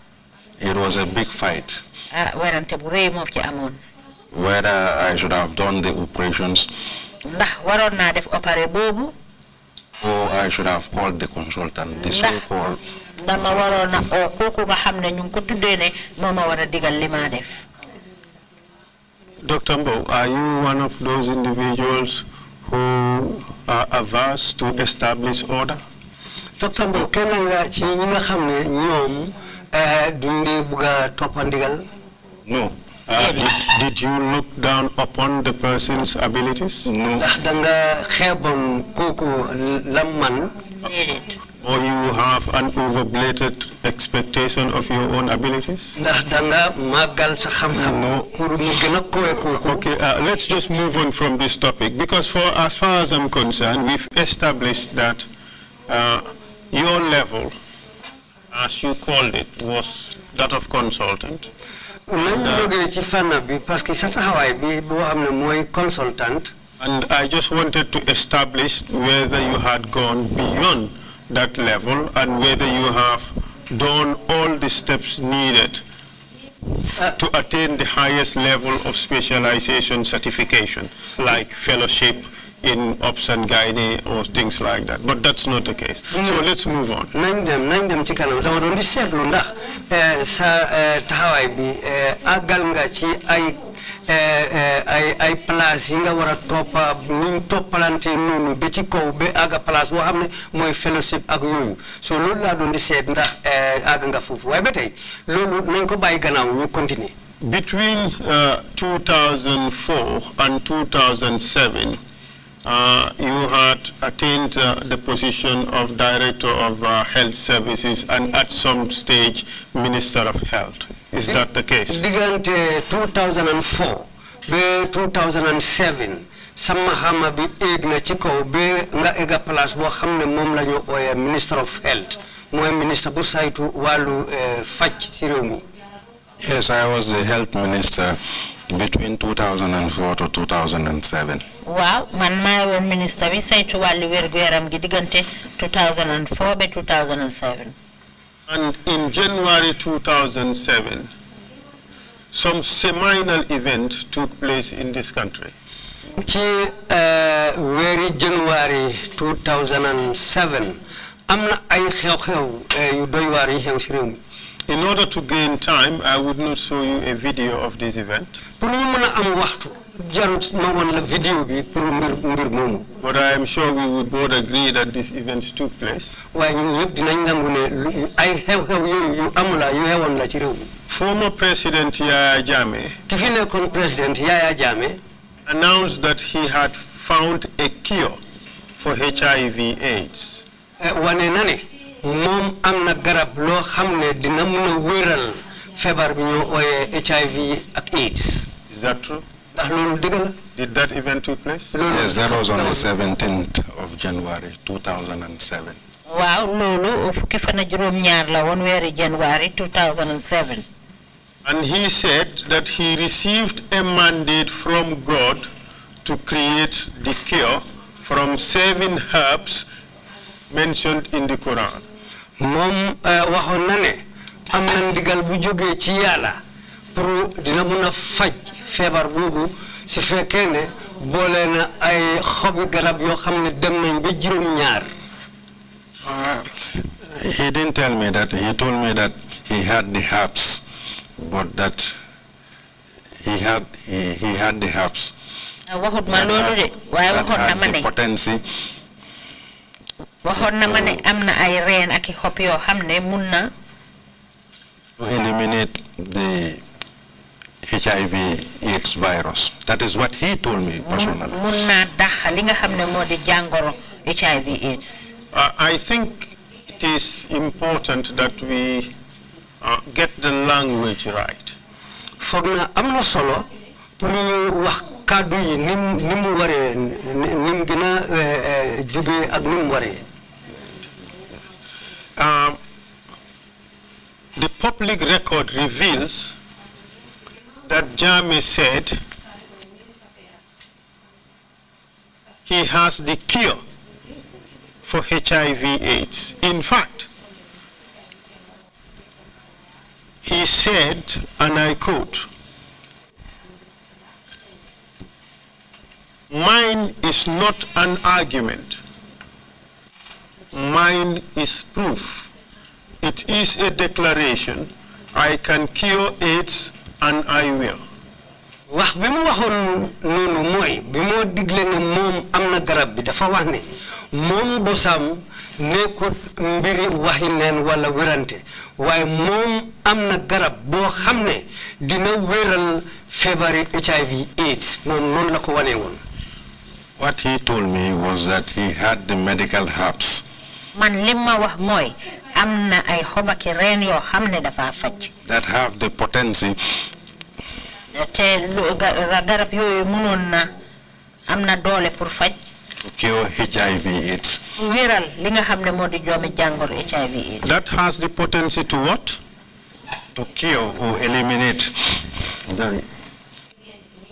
It was a big fight. Ah, whether I should have done the operations. or I should have called the consultant. the so-called. Dr. Mbo, are you one of those individuals who are averse to establish order? Dr. Mbo, can I ask you, nga xam Eh, ah. Did you No. Uh, did, did, you look down upon the person's abilities? No. Or you have an overblated expectation of your own abilities? No. Okay, uh, let's just move on from this topic because for as far as I'm concerned, we've established that uh, your level as you called it, was that of consultant. Uh, consultant. and I just wanted to establish whether you had gone beyond that level and whether you have done all the steps needed uh, to attain the highest level of specialization certification, like fellowship, in option Guinea or things like that. But that's not the case. Mm. So let's move on. nañ dem nañ dem ci kanam dama doon ndax eh, sa eh, taxawaay bi àggal eh, nga ci ay ay ay place yi nga war a toppa ñu toppalante noonu ba ci kaw ba àgga place boo xam ne fellowship ak yooyu so loolu laa doon di seet ndax àgg nga foofu waaye ba tey loolu ko bàyyi gannaaw ñu continuer. between uh, 2004 and 2007 uh, you had attained uh, the position of Director of uh, Health Services and at some stage Minister of Health. Is D that the case? Digante 2004 be 2007 sama xama bi egg na ci kaw be nga egga place boo xam ne moom la Minister of Health mooy ministre bu saytu wàllu eh, faj ci Yes, I was the health minister between 2004 to 2007. Wow, man my own minister we say to wer wér-gu-yaram gi diggante 2004 ba 2007. and in January 2007 some seminal event took place in this country. ci very eh, January 2007 am na ay xew-xew eh, yu doy waar yi xew si réew mi. In order to gain time, I would not show you a video of this event. But I am sure we would both agree that this event took place. Former President Yaya Jame, President Jame announced that he had found a cure for HIV AIDS mom amna garab loo xam dina mën wéral bi ñu HIV ak AIDS. Is that true? ndax dëgg la. Did that event took place? Yes, that was on the 17th of January 2007. wow no. fukki fan ak juróom-ñaar la woon weeri January 2007. And he said that he received a mandate from God to create the cure from seven herbs mentioned in the Quran. mom eh, waxon na ne am na ndigal bu joge ci yalla pour dina mëna a faj feebar boobu su fekkee ne boole na ay xobi garab yo xamne dem nañ ba jirum ñaar. Uh, he didn't tell me that he told me that he had the herbs but that he had he, he had the herbs. waxut ma loolu de waye waxoon na ma ne. potency na ma ne am na ay reen ak i xob yoo xam ne mun na. to eliminate the HIV AIDS virus. That is what he told me personally. di HIV AIDS. I think it is important that we uh, get the language right. foog na solo um, the public record reveals that Jeremy said he has the cure for HIV AIDS. In fact, he said, and I quote, mine is not an argument Mine is proof. It is a declaration. I can cure AIDS and I will. wax bi mu waxoon noonu mooy bi moo digle ne moom am na garab bi dafa wax ne moom bosaam nekkut mbiri waxi neen wala wérante waaye moom am na garab boo xam ne dina wéral feebari HIV AIDS moom noonu la ko wanee woon. What he told me was that he had the medical herbs man lim wax mooy am ay xobaki reen yoo xam ne dafa faj. that have the potency. te lu garab yooyu mënoon na am na pour faj. to cure HIV AIDS. wéral li nga xam ne moo di HIV AIDS. that has the potency to what. to cure or eliminate.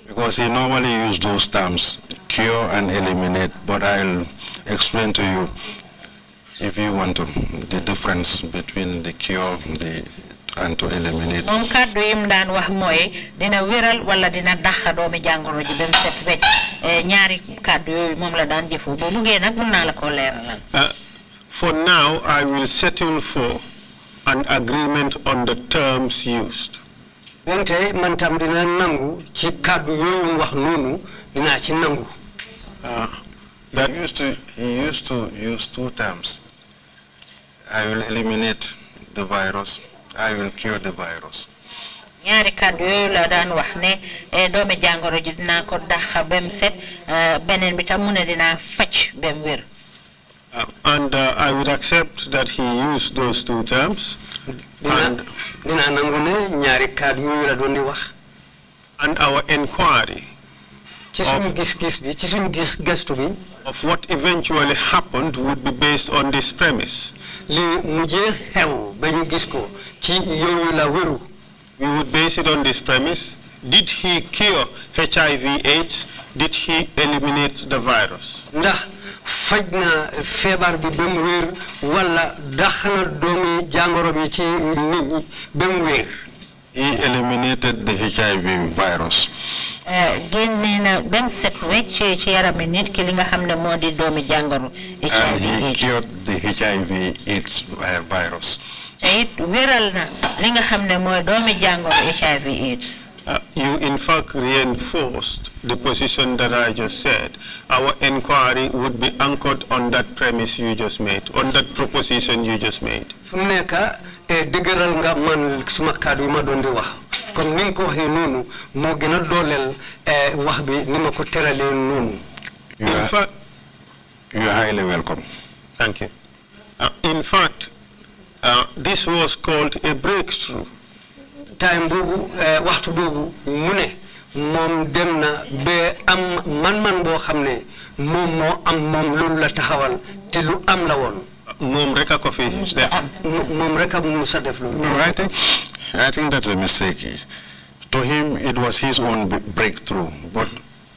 because he normally use those terms cure and eliminate but I'll explain to you if you want to, the difference between the cure the, and to eliminate. kàddu wax dina wala dina doomi jàngoro ji set eh, ñaari kàddu la mun la eh, for now I will settle for an agreement on the terms used. wante man tam dina nangu ci kàddu wax ci nangu. ah. That used to he used to use two terms. I will eliminate the virus. I will cure the virus. Eh, jàngoro ko set eh, bi uh, and uh, I would accept that he used those two terms. dina la di wax. and our inquiry. ci gis gis-gis bi ci bi. of what eventually happened would be based on this premise li xew gis ko ci la wéru. we would base it on this premise did he cure HIV AIDS did he eliminate the virus. ndax faj na bi ba wér wala dax na jàngoro bi ci nit ñi wér he eliminated the HIV virus. Eh, na HIV eh, AIDS. and he cured the HIV AIDS eh, virus. it na HIV AIDS you in fact reinforced the position that I just said. Our inquiry would be anchored on that premise you just made, on that proposition you just made. Funeka e eh, digeral nga man suma kadu ma don di wax comme ni ko waxe nonu mo gëna dolel in fact you are highly welcome thank you uh, in fact uh, this was called a breakthrough time boobu eh, waxtu boobu mu ne moom dem na ba am man-man boo xam ne moom moo am moom loolu la taxawal te lu am la woon. moom rek ko fi def. rek a mu sa def loolu. no I think I think that's a mistake. To him it was his own breakthrough but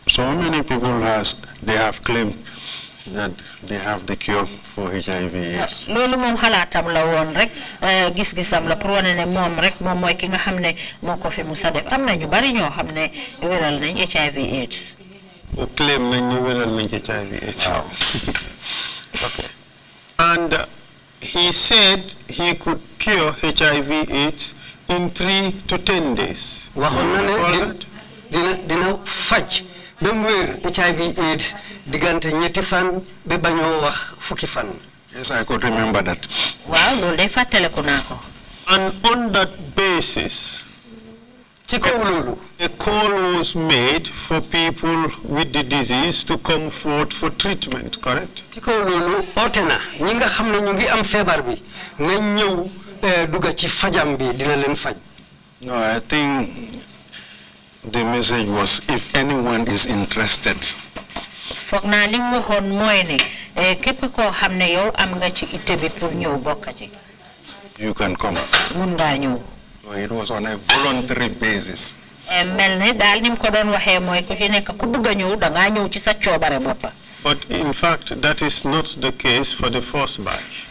so many people has they have claimed that they have the cure for HIV AIDS. Ah, loolu moom xalaatam la woon rek eh, gis-gisam la pour wane ne moom rek moom mooy ki nga xam ne fi musa def am na bari ñoo xam wéral nañ HIV AIDS. claim nañ ñu wéral nañ HIV AIDS. waaw ok and he said he could cure HIV AIDS in three to ten days. waxoon na ne dina dina faj. HIV AIDS diggante ñetti fan ba bañoo yes I could remember that. Wow, loolu day fàttaliku naa ko. and on that basis. ci kaw a call was made for people with the disease to come forth for treatment correct. Tiko kaw loolu oote na ñi nga xam ne ñu ngi am feebar bi nañ ñëw eh, dugga no I think the message was if anyone is interested eh, you can come it was on a voluntary basis eh, but in fact that is not the case for the first batch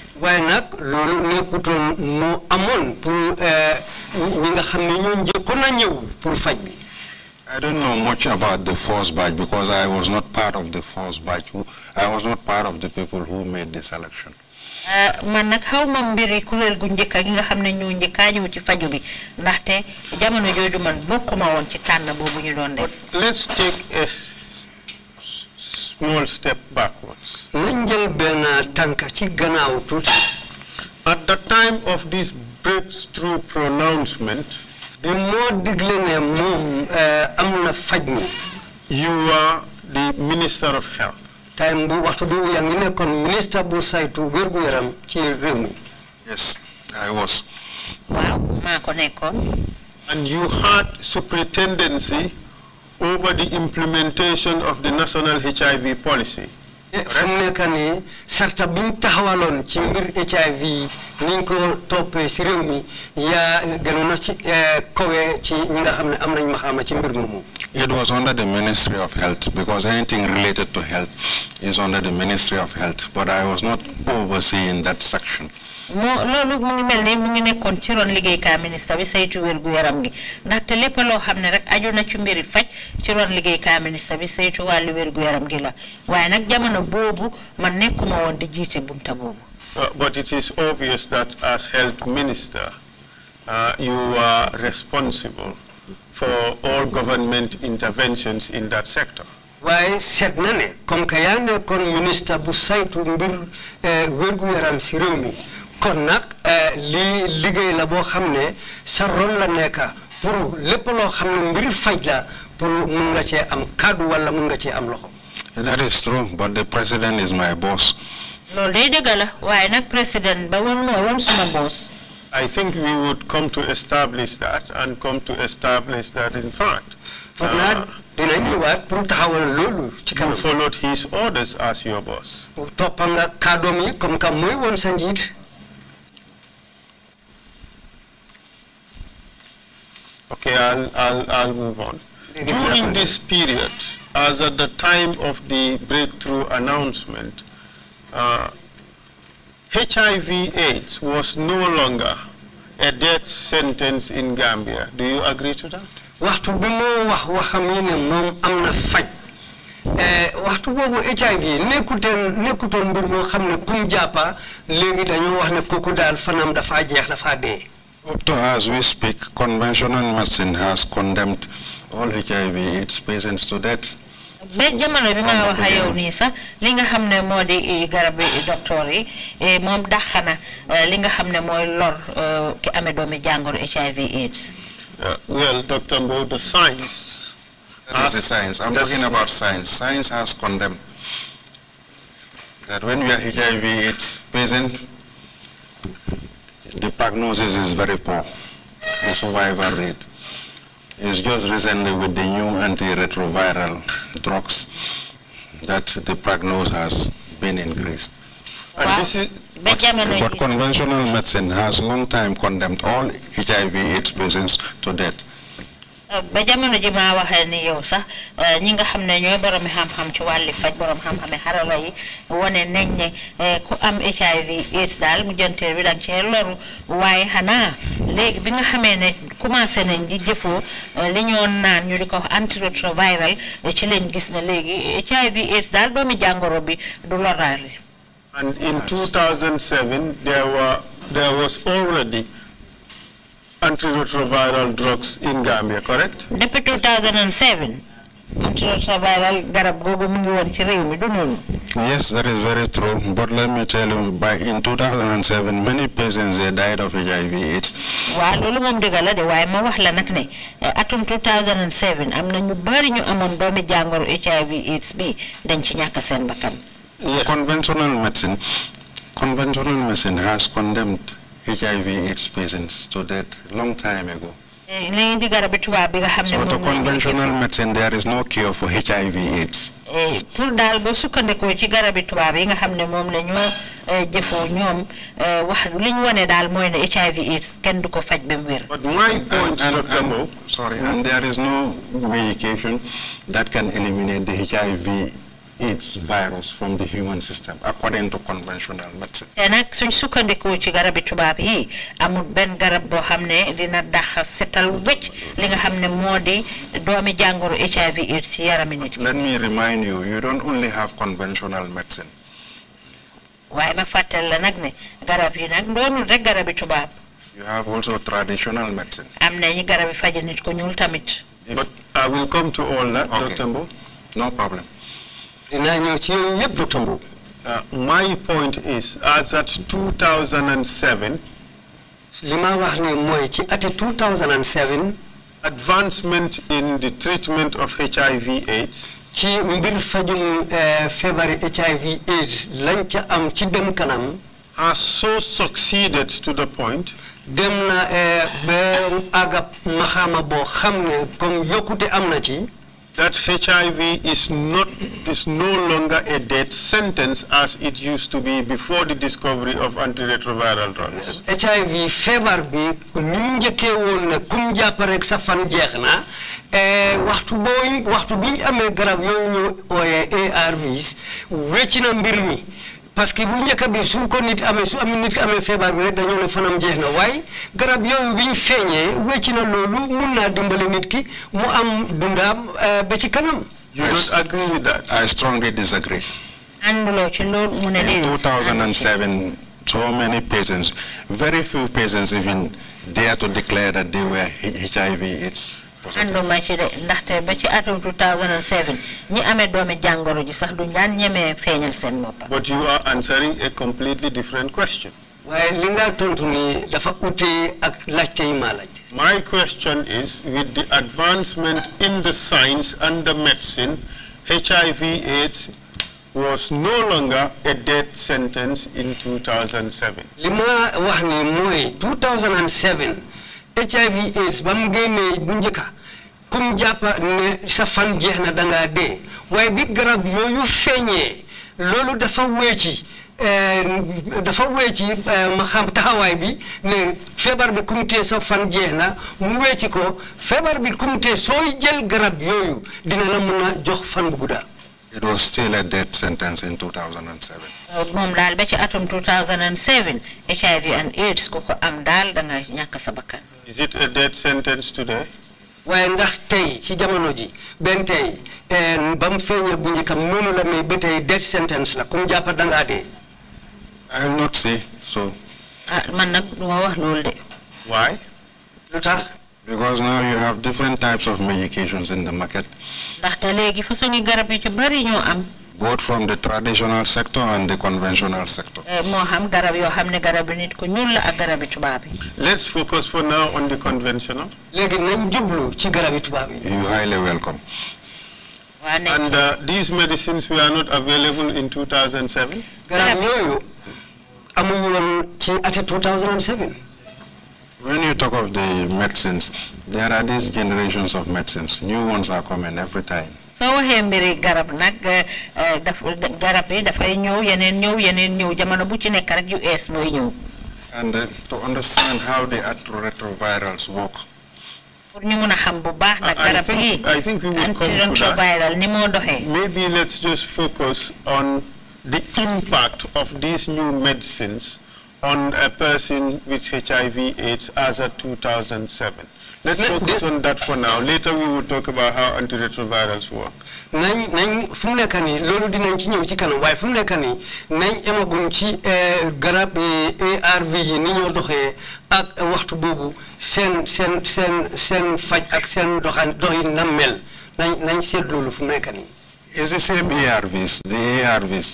I don't know much about the first batch because I was not part of the first batch. Who, I was not part of the people who made the selection. Uh, man man let's take a small step backwards. at the time of this breakthrough pronouncement. Eh, you were the minister of health. time yes I was. and you had superintendency over the implementation of the national HIV policy. Eh, sarta HIV ci ci eh, am nañ It was under the Ministry of Health because anything related to health is under the Ministry of Health but I was not overseeing that section. moo loolu mu ngi mel ni mu ngi nekkoon ci roon liggéeykaay ministre bi saytu wér gu yaram gi ndaxte lépp loo xam ne rek aju na ci mbiri faj ci roon liggéeykaay ministre bi saytu wàllu wér gu yaram gi la waaye nag jamono boobu man nekkuma woon di jiite bunta boobu. Uh, but it is obvious that as health minister uh, you are responsible for all government interventions in that sector. waaye set na ne comme que yaa nekkoon ministre bu saytu mbir eh, wér gu yaram si réew mi. kon eh, li la sa ron la pour lépp la pour nga am wala nga am loxo. that is true but the president is my boss. loolu day dëgg la waaye président ba woon mooy woon suma boss. I think we would come to establish that and come to establish that in fact. But naa uh, you followed his orders as your boss. Okay, I'll, I'll, I'll move on. During this period, as at the time of the breakthrough announcement, uh, HIV-AIDS was no longer a death sentence in Gambia. Do you agree to that? wax eh, waxtu HIV mbir kum wax ne fanam jeex dee. Up to as we speak, conventional medicine has condemned all HIV AIDS patients to death. ba jamono bi ma wax ak yow nii sax li nga xam ne moo eh, garabi eh, docteur yi eh. moom daxana li nga xam ne mooy lor ki amee doomi jàngoro HIV AIDS. Uh, well Dr. Mbow the science. That is the science. I'm talking about science. Science has condemned that when we are HIV AIDS patient the prognosis is very poor. The survival rate is just recently with the new antiretroviral drugs that the prognosis has been increased. Wow. this is, but, but conventional medicine has long time condemned all HIV AIDS patients to death. Uh, ji ni yow sax uh, ñi nga xam-xam ci wàlli faj borom xam yi nañ ne uh, ku am HIV AIDS mu bi bi nga ne commencé nañ di li naan ñu antiretroviral ci lañ gis ne HIV AIDS jàngoro bi du and in 2007 there were there was already antiretroviral drugs in Gambia, correct? Depuis 2007, antiretroviral garab gogo mu ngi Yes, that is very true. But let me tell you, by in 2007, many patients they died of HIV/AIDS. Waa loolu moom dëgg de waaye ma wax atum 2007 am na ñu bari ñu amoon doomi hiv HIV/AIDS bi dañ ci bakam. seen Conventional medicine, conventional medicine has condemned HIV-AIDS patients to death long time ago. Eh, so the conventional medicine, there is no cure for HIV-AIDS. pour eh, daal boo sukkandikoo ci garabi nga xam ne moom la ñoo jëfoo ñoom wax li HIV AIDS kenn du ko but my point sorry and there is no medication that can eliminate the HIV its virus from the human system, according to conventional medicine. suñ ci yi amul garab dina dax setal wécc li nga doomi jàngoro HIV AIDS yarami nit. Let me remind you, you don't only have conventional medicine. waaye ma fàttali la nag ne garab yi nag doonul rek garabi You have also traditional medicine. am nañu garabi faji nit ku ñuul tamit. but I will come to all that. Dr. no problem. Uh, my point is, as at 2007, advancement in the treatment of HIV AIDS ci mbir fajum eh, feebari HIV AIDS lañ ca am ci dem kanam has so succeeded to the point dem na eh, ba àggab maxaama bo xam ne comme yokkute am ci that HIV is, not, is no longer a death sentence as it used to be before the discovery of antiretroviral drugs. HIV feebar bi ñu njëkkee woon ne kum jàpp rek sa fan jeex na eh, waxtu boo waxtu bi ñu amee garab yooyu ñu ARVs wecc na mbir mi parce que bu njëkk bi suñ ko nit amee su am nit amee feebar bi rek dañoo ne fanam jeex na waaye garab yooyu bi ñu feeñee wecc na loolu mun naa dimbale nit ki mu am dundaam euh, ba ci kanam. you disagree with that. I strongly disagree. ànduloo ci loolu mu ne 2007 so many patients very few patients even dare to declare that they were HIV it's ci ndaxte ba ci atum 2007 ñi doomi jàngoro ji sax seen but you are answering a completely different question. waaye li nga tontu ni dafa ute ak laajte yi my question is with the advancement in the science and the medicine HIV AIDS was no longer a death sentence in 2007. Lima wax ni mooy 2007. HIV AIDS ba mu génnee bu njëkka comme jàppa ne sa fan jeex na dangaa dee waaye bi garab yooyu feeñee loolu dafa wéeci eh, dafa wéeci eh, ma xam taxawaay bi ne feebar bi kum tee sa fan jeex na mu wéeci ko feebar bi kum tee sooy jël garab yooyu dina la mën a jox fan bu gudda It was still a death sentence in 2007. Uh, moom daal ba ci atum 2007 HIV and AIDS ku ko am daal da nga ñàkk sa bakkan Is it a death sentence today? waaye ndax tey ci jamono ji benn tey ba mu feeñee bu njëkkam noonu la mais ba tey death sentence la ku mu jàpp dangaa dee. I will not say so. ah man nag du ma wax loolu de. why. lu tax. because now you have different types of medications in the market. ndaxte léegi façon garab yu ci bari ñoo am both from the traditional sector and the conventional sector. Eh, Let's focus for now on the conventional. You're highly welcome. And uh, these medicines were not available in 2007? When you talk of the medicines, there are these generations of medicines. New ones are coming every time soo mbiri garab nag eh, eh, daf garab yi dafay ñëw yeneen ñëw yeneen ñëw jamono bu ci nekk rek yu ees mooy ñëw. and uh, to understand how the antiretrovirals work. pour ñu mun a xam bu baax nag garab yi I think ni moo doxee. maybe let's just focus on the impact of these new medicines on a person with HIV/AIDS as at 2007. Let's focus on that for now. Later we will talk about how antiretrovirals work. nañ nañ fu mu nekk nii loolu dinañ ci ñëw ci kanam waaye fu mu nekk nii nañ emagum ci eh, garab eh, ARV yi eh, ni ñoo doxee ak waxtu boobu seen seen seen seen faj ak seen doxan doxin na mel nañ nañ seet loolu It's the same ARVs, the ARVs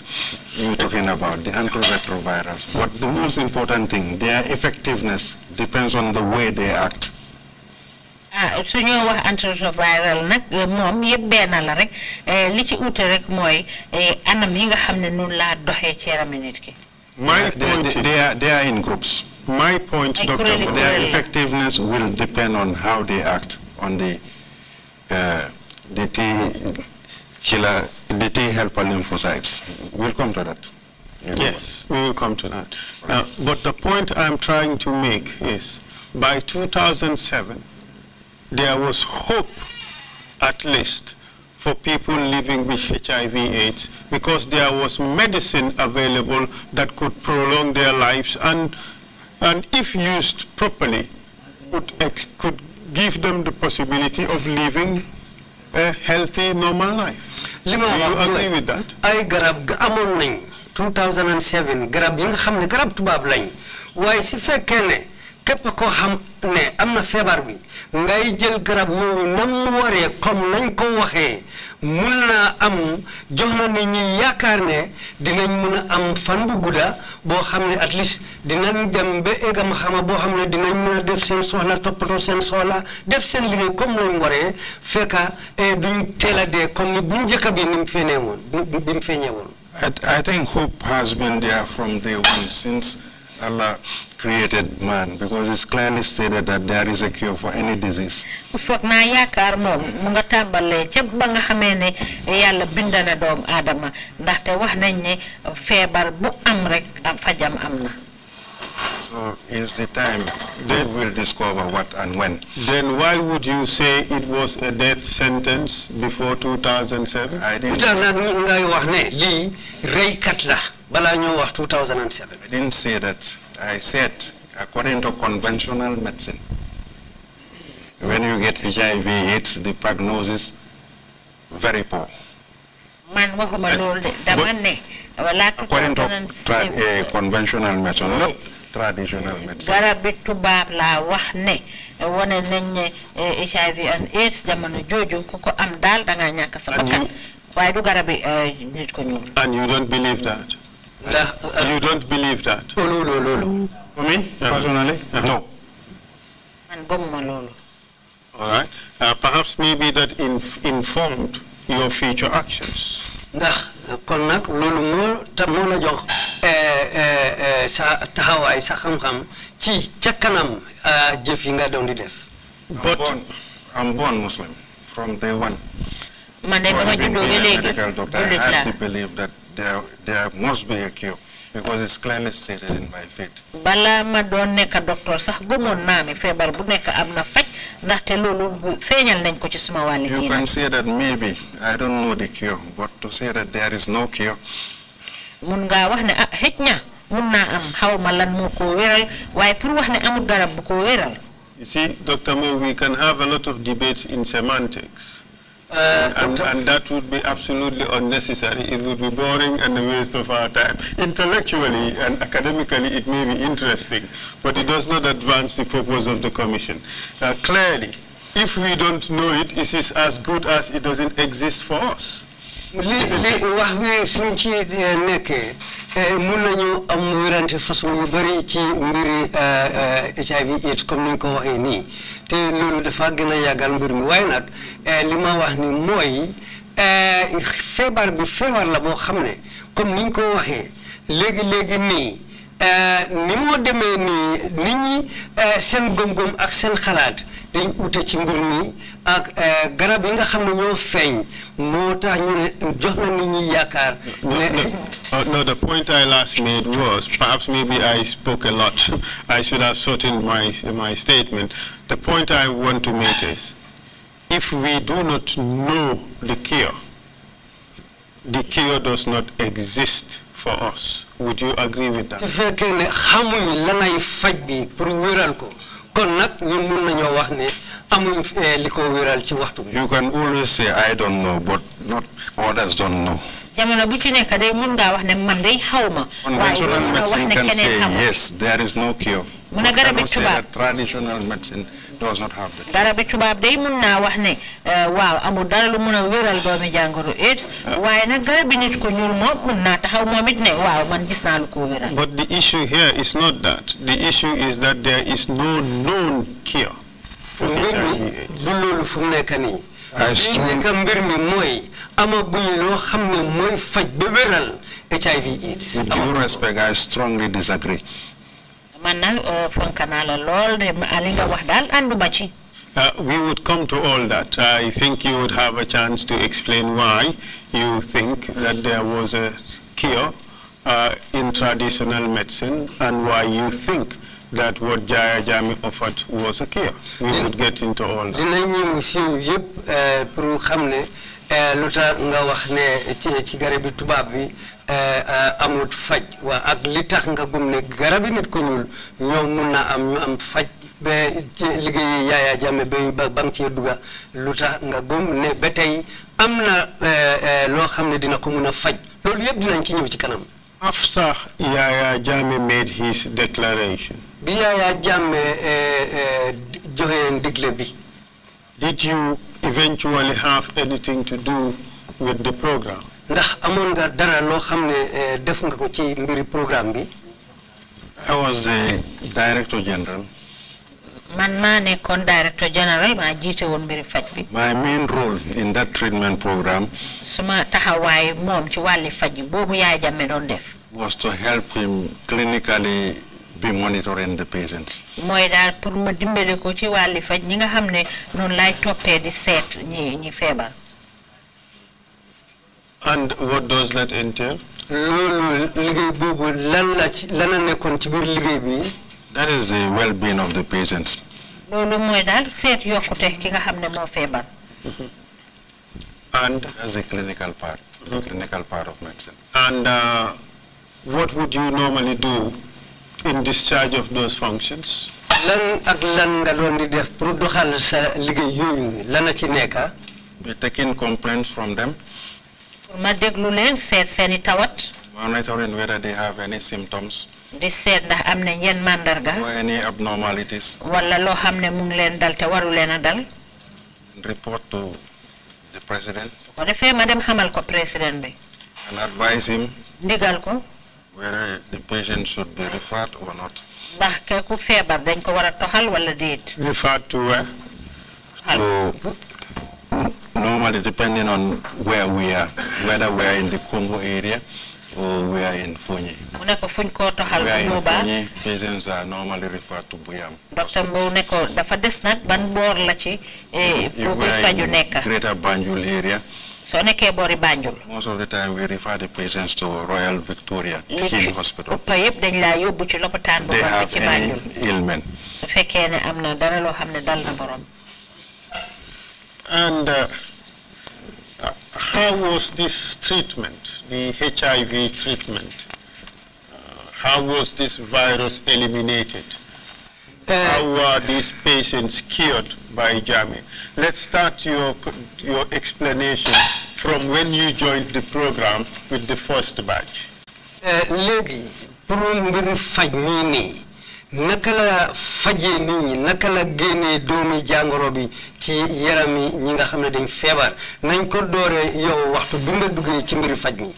you're talking about, the antiretrovirals. But the most important thing, their effectiveness depends on the way they act. Ah, wax antiretroviral euh, la rek euh, li ci rek euh, anam yi nga ci ki. My point they, they, are, they are in groups. My point, Dr. their effectiveness will depend on how they act on the uh, DT killer, DT helper lymphocytes. We'll come to that. Yes, we will come to that. Uh, but the point I'm trying to make is by 2007, there was hope, at least, for people living with HIV/AIDS because there was medicine available that could prolong their lives and, and if used properly, could, could give them the possibility of living a healthy, normal life. Do you agree with that? I grab amoon 2007 garab yi nga xam ne garab tubaab lañ waaye si fekkee ne képp koo xam ne am na bi ngay jël garab yooyu nan mu waree comme nañ ko waxee mun naa am jox na nit ñi yaakaar ne dinañ mun a am fan bu gudda boo xam ne at least dinañ dem ba eggam xama boo xam ne dinañ mun a def seen soxla toppatoo seen soxla def seen liggéey comme nañ waree fekka eh, duñ teel a dee comme ni bu njëkk bi ni mu feeñee woon bi mu feeñee woon I think hope has been there from day one since Allah created man because it's clearly stated that there is a cure for any disease. foog na ne bu So is the time they will discover what and when. Then why would you say it was a death sentence before 2007? I didn't. 2007. I didn't say that. I said, according to conventional medicine, when you get HIV it's the prognosis very poor. Man, according to uh, conventional medicine not traditional medicine garab bi tubaab laa wax ne wane nañ ne HIV eh, and AIDS jamono jooju ku ko am daal da nga ñàkk sa bakkan waaye du garab bi eh, ko ñuul and you don't believe that uh, you don't believe that? No, no, no, no. no. For me, personally? Uh No. All right. Uh, perhaps maybe that inf informed your future actions. ndax kon nag loolu la eh, eh, eh, sa sa kanam ah, but I'm born Muslim from day one. I had the believe that there, there must be a cure because it's clearly stated in my faith. bu nañ ko ci suma you can say that maybe I don't know the cure but to say that there is no cure. mun wax ne ah mun am lan wéral pour wax ne amul garab bu wéral. you see Dr. Mo we can have a lot of debates in semantics. Uh, and, and, that would be absolutely unnecessary. It would be boring and a waste of our time. Intellectually and academically, it may be interesting, but it does not advance the purpose of the commission. Uh, clearly, if we don't know it, it is as good as it doesn't exist for us. lii wax bi suñ ci eh, nekkee eh, mun nañu am wérante façon yu bëri ci mbiri HIV eh, AIDS comme ni ñu ko waxee nii te loolu dafa gën a yàggal mbir mi waaye nag li ma wax ni mooy feebar bi feebar la boo xam ne comme ni ñu ko waxee léegi-léegi nii ni moo demee nii nit ñi seen gëm-gëm ak seen xalaat dañ ci mbir ak eh, garab yi nga ñoo ñu jox na nit ñi No, the point I last made was perhaps maybe I spoke a lot. I should have shortened my my statement. The point I want to make is, if we do not know the cure, the cure does not exist for us. Would you agree with that? kon nag ñun mun nañoo wax ne amuñ eh, li ko wéral ci waxtu bi. you can always say I don't know but not others don't know. jamono bu ci nekk day mun ngaa wax ne man day xaw ma. waaye wax ne keneen amul yes there is no cure. mu ne garabi tubaab traditional mun naa wax ne euh, waaw amul dara lu mun a wéral doomi jàngoro AIDS. Ah. waaye nag garabi nit ku ñuul moom mun naa taxaw moom it ne waaw man gis naa lu ko wéral. but the issue here is not that the issue is that there loolu fu mu nii. mbir mi mooy amaguñ loo xam ne mooy faj ba wéral HIV AIDS. amaguñ respect I strongly disagree. man naa eh, lool nga wax daal ci. Uh, we would come to all that. I think you would have a chance to explain why you think that there was a cure uh, in traditional medicine and why you think that what Jaya Jami offered was a cure. We would get into all that. ñëw yëpp eh, eh, ci Eh, eh, amut faj waa ak li tax nga gum ne yi nit ku ñuul ñoom mun na am ñu am faj ba liggéey Yaya Jammeh ba ba ci cee lu tax nga gum ne ba tey am na eh, loo xam ne dina ko mun a faj loolu yëpp dinañ ci ñëw ci kanam. after Yaya Jammeh made his declaration. bi Yaya Jammeh joxe ndigle bi. did you eventually have anything to do with the program. ndax amoon nga dara loo xam ne eh, def nga ko ci mbiri programme bi. I was the director general. man maa nekkoon directeur général maa jiite woon mbiri faj bi. my main role in that treatment program. suma taxawaay moom ci wàlli faj boobu yaay jàmme doon def. was to help him clinically be monitoring the patients. mooy daal pour ma dimbale ko ci wàlli faj ñi nga xam ne noonu laay toppee di seet ñi ñi feebar. And what does that entail? That is the well-being of the patients. And as a clinical part, mm -hmm. clinical part of medicine. And uh, what would you normally do in discharge of those functions? We're taking complaints from them. ma déglu leen seet tawat. monitoring whether they have any symptoms. di seet ndax am yenn or any abnormalities. wala dal te waru dal. report to the president. defee ma dem xamal ko and advise him. ndigal ko. whether the patient should be referred or not. ndax ku feebar dañ ko war referred to where. normally depending on where we are, whether we are in the Congo area or we are in Funyi. We are in Funyi, patients are normally referred to Buyam. Dr. Mbow ne ko boor la ci pour eh, bu Greater Banjul area. soo nekkee most of the time we refer the patients to Royal Victoria King Hospital. ëpp yëpp dañ laa yóbbu ci they have any ailment. And fekkee ne am and. Uh, uh, how was this treatment, the HIV treatment? Uh, how was this virus eliminated? how uh, were these patients cured by JAMI? Let's start your, your explanation from when you joined the program with the first batch. Uh, léegi nakala la fajee nit ñi naka la doomi jàngoro bi ci yaram yi ñi nga xam ne dañ feebar nañ ko dooree yow waxtu bi nga duggee ci mbiri faj mi.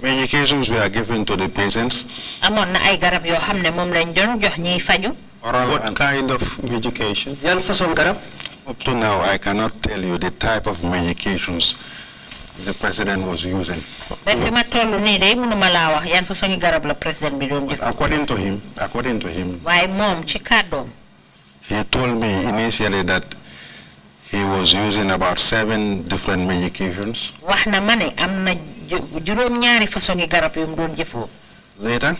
medications we are given to the patients. amoon na ay garab yoo xam ne moom lañ doon jox ñiy faju. what kind of medication. yan façon garab. up to now I cannot tell you the type of medications the president was using. according to him, according to him, he told me initially that he was using about seven different medications. Later,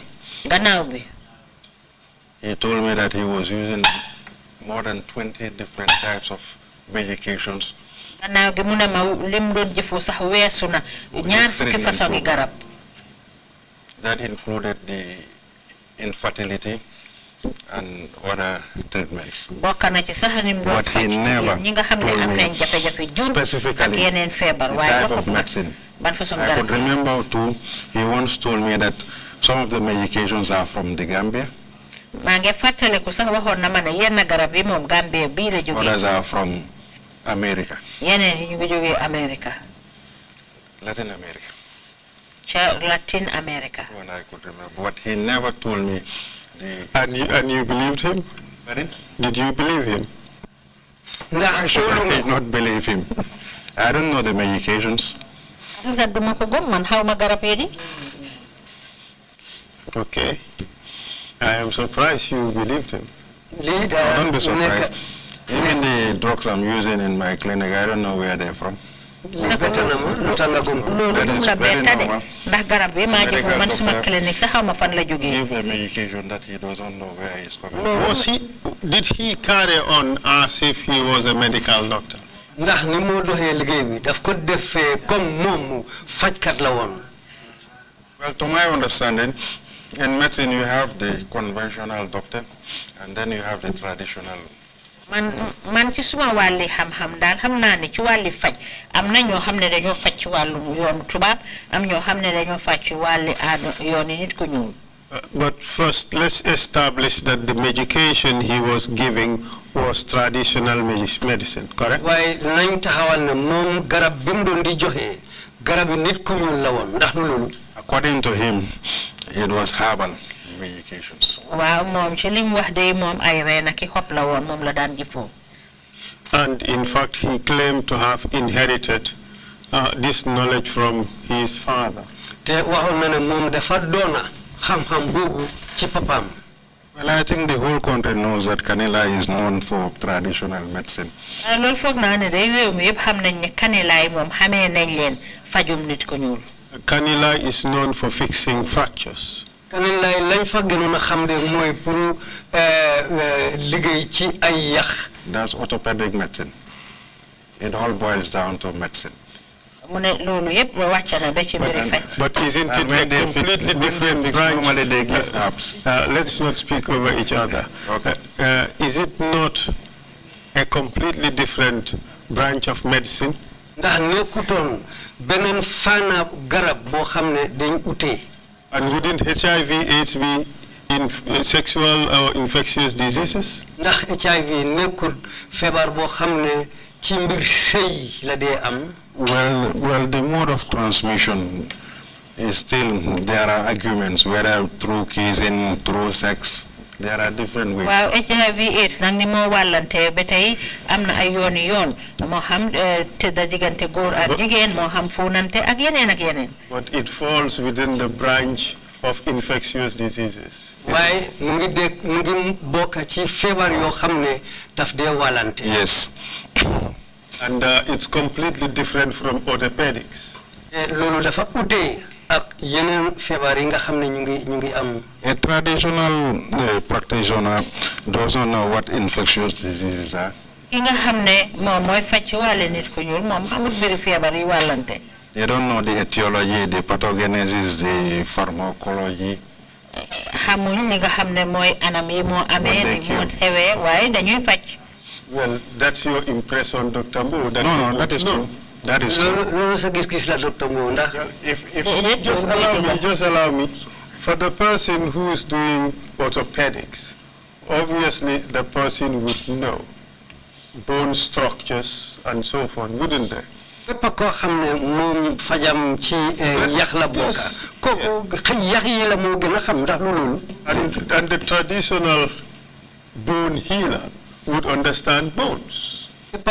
he told me that he was using more than 20 different types of medications gannaaw gi mu ne ma lim doon jëfoo sax weesu na ñaar fukki façon gi garab that included the infertility and other treatments. bokk na ci sax ni mu doon faj ñi nga xam ne am nañ jafe-jafe jur ak yeneen feebar waaye waxuma ban façon garab I could remember too he once told me that some of the medications are from the Gambia. maa ngi fàttaliku sax waxoon na ma ne yenn garab yi moom Gambia bii la jógee. others are from America. America. Latin America. Latin America. When I could remember, but he never told me. The and you and you believed him? Pardon? Did you believe him? No, I should did not believe him. I don't know the medications. Okay. I am surprised you believed him. Leader, don't be surprised. Even the drugs I'm using in my clinic, I don't know where they're from. loolu mu la betta de ndax garab bi maa jox man suma clinique sax xaw ma Was he, did he carry on as if he was a medical doctor? ni daf Well, to my understanding, in medicine you have the conventional doctor and then you have the traditional man man ci suma xam xam-xam xam ci am na yoonu tubaab am yooni nit ñuul. Uh, but first, let's establish that the medication he was giving was traditional medicine, correct? waaye nañ taxawal ne moom garab bi doon di joxe garab nit ñuul la woon ndax According to him, it was herbal medications? waaw i la la and in fact he claimed to have inherited uh, this knowledge from his father. te Well, I think the whole country knows that Kanila is known for traditional medicine. Kanila ne fajum nit is known for fixing fractures kanin lay lañ fa gënoon a xam de mooy pour euh, euh, liggéey ci ay yax. that's orthopedic medicine. it all boils down to medicine. But, but isn't it a completely different branch? Normally they give uh, apps. Uh, let's not speak over each other. Okay. Uh, is it not a completely different branch of medicine? ndax nekkutoon beneen garab boo xam ne dañ utee and within HIV, HIV, in uh, sexual or infectious diseases? ndax HIV ne kun boo xam ne sëy la am. well well the mode of transmission is still there are arguments whether through kissing through sex there are different ways waaw HIV AIDS am eh, but it falls within the branch of infectious diseases. Why? mu ngi dégg mu ngi bokk yes and uh, it's completely different from orthopedics. pedics. Eh, dafa ak yeneen feebar yi nga xam ne ñu ngi ñu ngi am. a traditional eh, practitioner ah, doesn't know what infectious diseases are. ki nga xam ne moom mooy wàlle nit ku ñuul moom feebar yi wàllante. they don't know the etiology the pathogenesis the pharmacology. xamuñ li nga xam ne mooy anam yi moo amee. moo xewee waaye dañuy well that's your impression Dr. Mbu. no no that is true. That is correct. If, if eh, eh, just eh, allow me, just allow me. For the person who is doing orthopedics, obviously the person would know bone structures and so forth, wouldn't they? and and the traditional bone healer would understand bones képp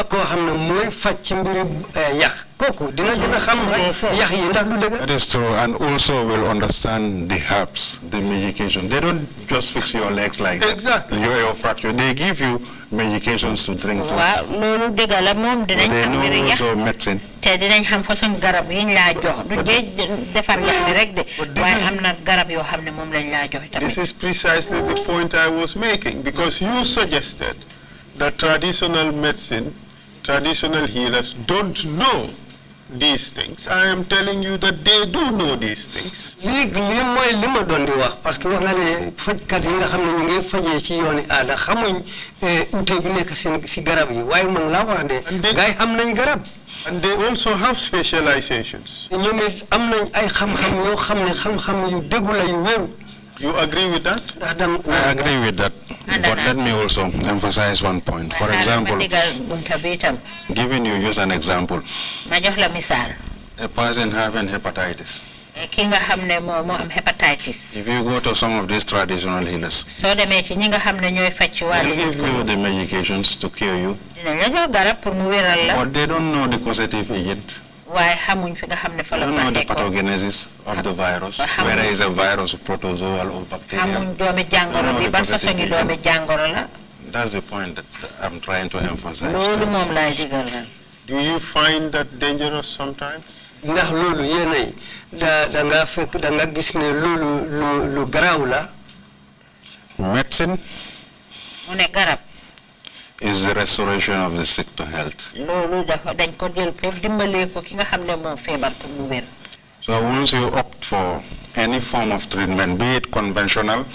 eh, that is true and also will understand the herbs the medication they don't just fix your legs like that. exactly your fracture they give you medications to drink. this is precisely the point I was making because you suggested that traditional medicine, traditional healers don't know these things. I am telling you that they do know these things. and they also have specializations. You agree with that? I agree with that. Ah, but let me also emphasize one point. For example, giving you just an example. A person having hepatitis. If you go to some of these traditional healers, so they give you the medications to cure you, but they don't know the causative agent. way xamuñ fi nga xam fa la fa nekkoon pathogenesis of the virus where is a virus protozoal or bacteria xamuñ doomi jangoro bi ban façon ni doomi jangoro la that's the point that I'm trying to emphasize loolu mom laay digal la do you find that dangerous sometimes ndax lolu yéenay da da nga fekk da nga gis ne lolu lu lu la medicine mu ne garab is the restoration of the sick to health. So once you opt for any form of treatment, be it conventional,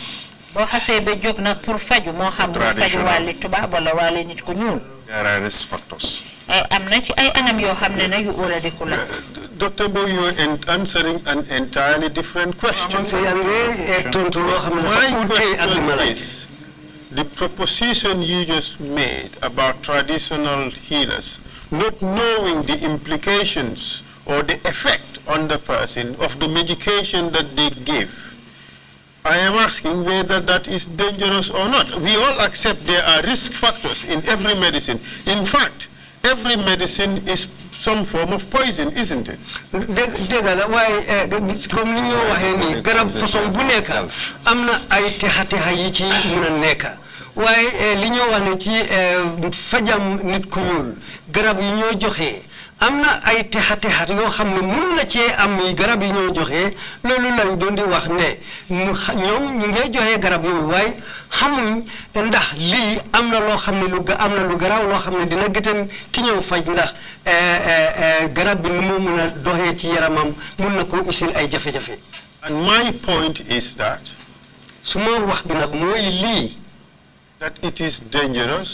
traditional, there are risk factors. Eh, Dr. Eh, Bo, you are answering an entirely different question. Eh, question is, the proposition you just made about traditional healers, not knowing the implications or the effect on the person of the medication that they give, I am asking whether that is dangerous or not. We all accept there are risk factors in every medicine. In fact, every medicine is some form of poison, isn't it? Eh, waaye eh, li ñoo wax ne ci eh, fajam nit ku ñuul garab yi ñoo joxe am na ay texateexat yoo xam ne mun na cee am garab yi ñoo joxe loolu lañ doon wax ne ñoom ñu ngay joxe garab yooyu waaye xamuñ ndax lii am na loo xam ne lu am na lu garaaw loo xam ne dina gëteen ki ñëw faj ndax eh, garab bi nu mu mun a doxee ci yaramam mun na ko usil ay jafe-jafe. and su ma wax bi nag mooy lii. that it is dangerous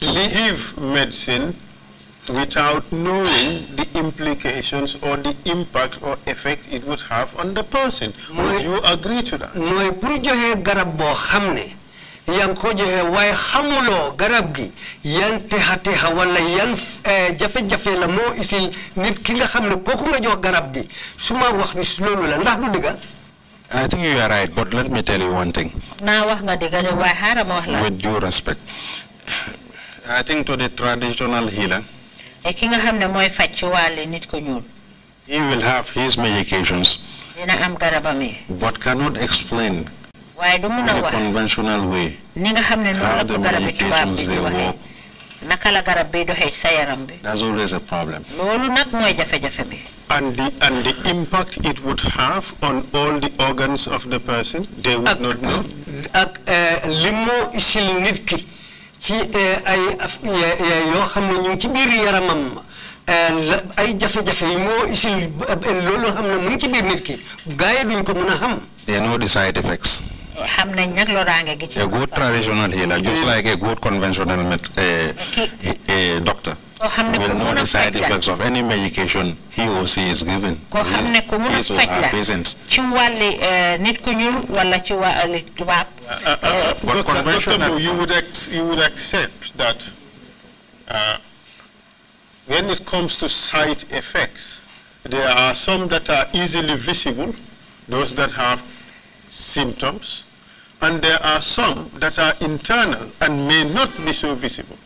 to give medicine without knowing the implications or the impact or effect it would have on the person. Would you agree to that? ko wala eh, jafe-jafe la isil nit ki nga nga jox wax la ndax du I think you are right, but let me tell you one thing. With due respect, I think to the traditional healer, he will have his medications, but cannot explain in a conventional way how the medications they work naka la garab bi that's always a problem. and the and the impact it would have on all the organs of the person they would not know. ak eh, li moo isil nit ci eh, ay yoo xam ne ñu ci biir yaramam eh, ay jafe-jafe yi isil loolu xam mu ci biir nit ki duñ ko xam. they know the side effects. A good traditional healer, just mm. like a good conventional a, eh, a, a doctor, will know the side effects of any medication he or she is given. His or her patient. Eh, uh, conventional... you would, you would accept that uh, when it comes to side effects, there are some that are easily visible, those that have symptoms, and there are some that are internal and may not be so visible.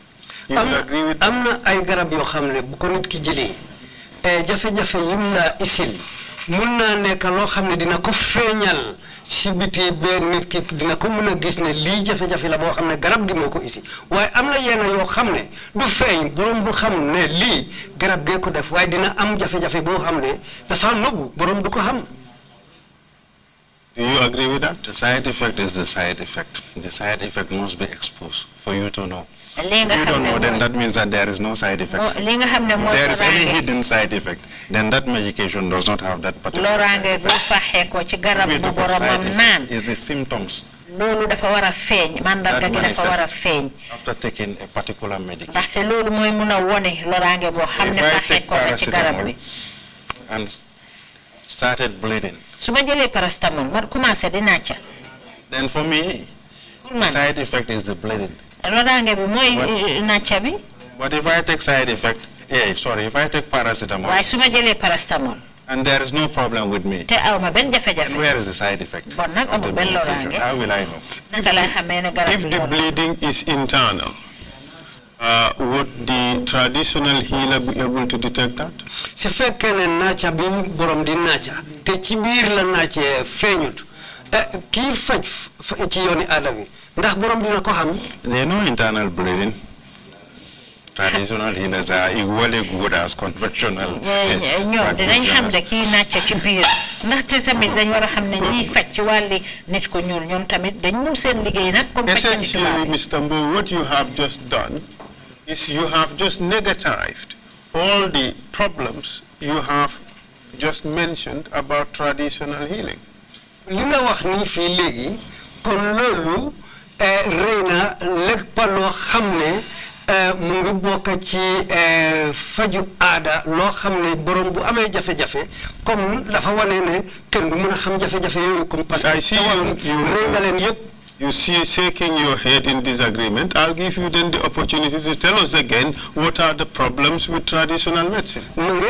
am na ay garab yoo xam ne bu ko nit ki jëlee jafe-jafe yim la isil mun naa nekk loo xam ne dina ko feeñal si biti bee nit ki dina ko mën a gis ne lii jafe-jafe la boo xam ne garab gi moo ko isi waaye am na yenn yoo xam ne du feeñ borom bu xam ne lii garab gee ko def waaye dina am jafe-jafe boo xam ne dafa nëbbu borom du ko xam. Do you agree with that? The side effect is the side effect. The side effect must be exposed for you to know. If you don't know, then that means that there is no side effect. If there is any hidden side effect, then that medication does not have that particular side effect. It's the symptoms loolu dafa after taking a particular medication ndaxte loolu mooy mun a particular medication, and started bleeding su ma jëlee paracetamol ma then for me. side effect is the bleeding. loraange bi mooy nàcca bi. but if I take side effect. eh sorry if I take paracetamol. and there is no problem with me. te jafe-jafe. is the side effect. how will I know. if the bleeding is internal. Uh, would the traditional healer be able to detect that? Se fekkene nacha bin borom di nacha te ci bir la nache feñut eh, ki faj ci yoni adam ndax borom dina ko xam they know internal bleeding. traditional healers are equally good as conventional eh, eh, ñoom dinañ xam da kii nacha ci biir ndaxte tamit dañ war a xam ne ñiy faj ci wàlli nit ko ñuul ñoom tamit dañ mun seen liggéey nag comme essentially Mr. Mbow what you have just done is you have just negatived all the problems you have just mentioned about traditional healing. li nga wax nii fii kon loolu eh, rëy na lépp loo xam ne eh, mu ngi bokk ci eh, faju aada loo xam ne borom bu amee jafe-jafe comme dafa wane ne kenn du mën a xam jafe-jafe yooyu comme parce que sa wàllu yëpp you see shaking your head in disagreement, I'll give you then the opportunity to tell us again what are the problems with traditional medicine. maybe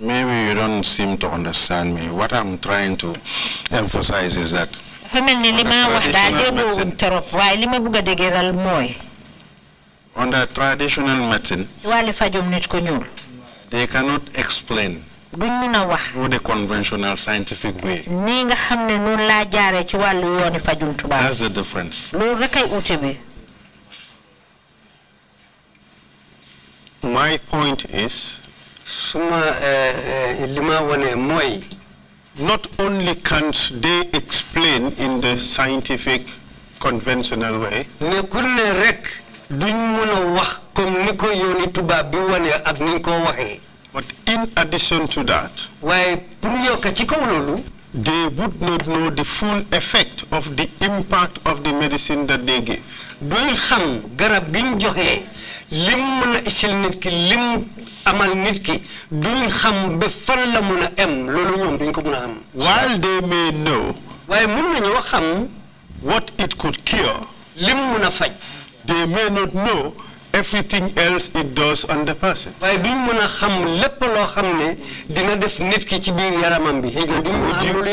Maybe you don't seem to understand me. What I'm trying to emphasize is that under traditional medicine, they cannot explain through the conventional scientific way. That's the difference. My point is eh, eh, not only can't they explain in the scientific conventional way, but in addition to that. waaye pour yokk ci kaw loolu. they would not know the full effect of the impact of the medicine that they give. duñ xam garab joxe lim mën isil nit ki lim amal nit ki duñ xam ba fan la mën am loolu ñoom duñ ko mën am. while they may know. waaye mën nañoo xam. what it could cure. lim mën a faj they may not know everything else it does on the person. waaye duñ mën a xam lépp loo xam dina def nit ki ci biir yaramam bi.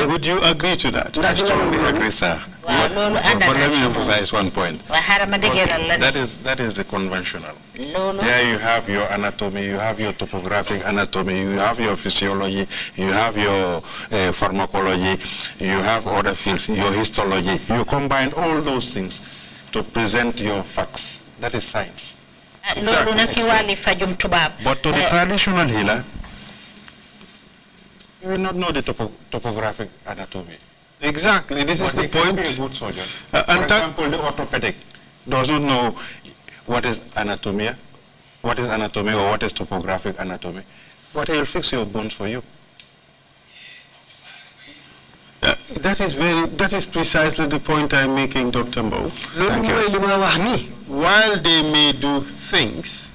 would you agree to that. That's strongly agree, sir. But, let me emphasize one point. That is, that is the conventional. There you have your anatomy, you have your topographic anatomy, you have your physiology, you have your uh, pharmacology, you have other fields, your histology. You combine all those things to present your facts. That is science. Ah, exactly. But to the eh, traditional healer, you will not know the topo topographic anatomy. Exactly, this but is the point. a good soldier? Uh, For example, the orthopedic does not know what is anatomy, what is anatomy or what is topographic anatomy, but he will fix your bones for you that is very that is precisely the point I'm making, Dr. Mo. Thank you. While they may do things,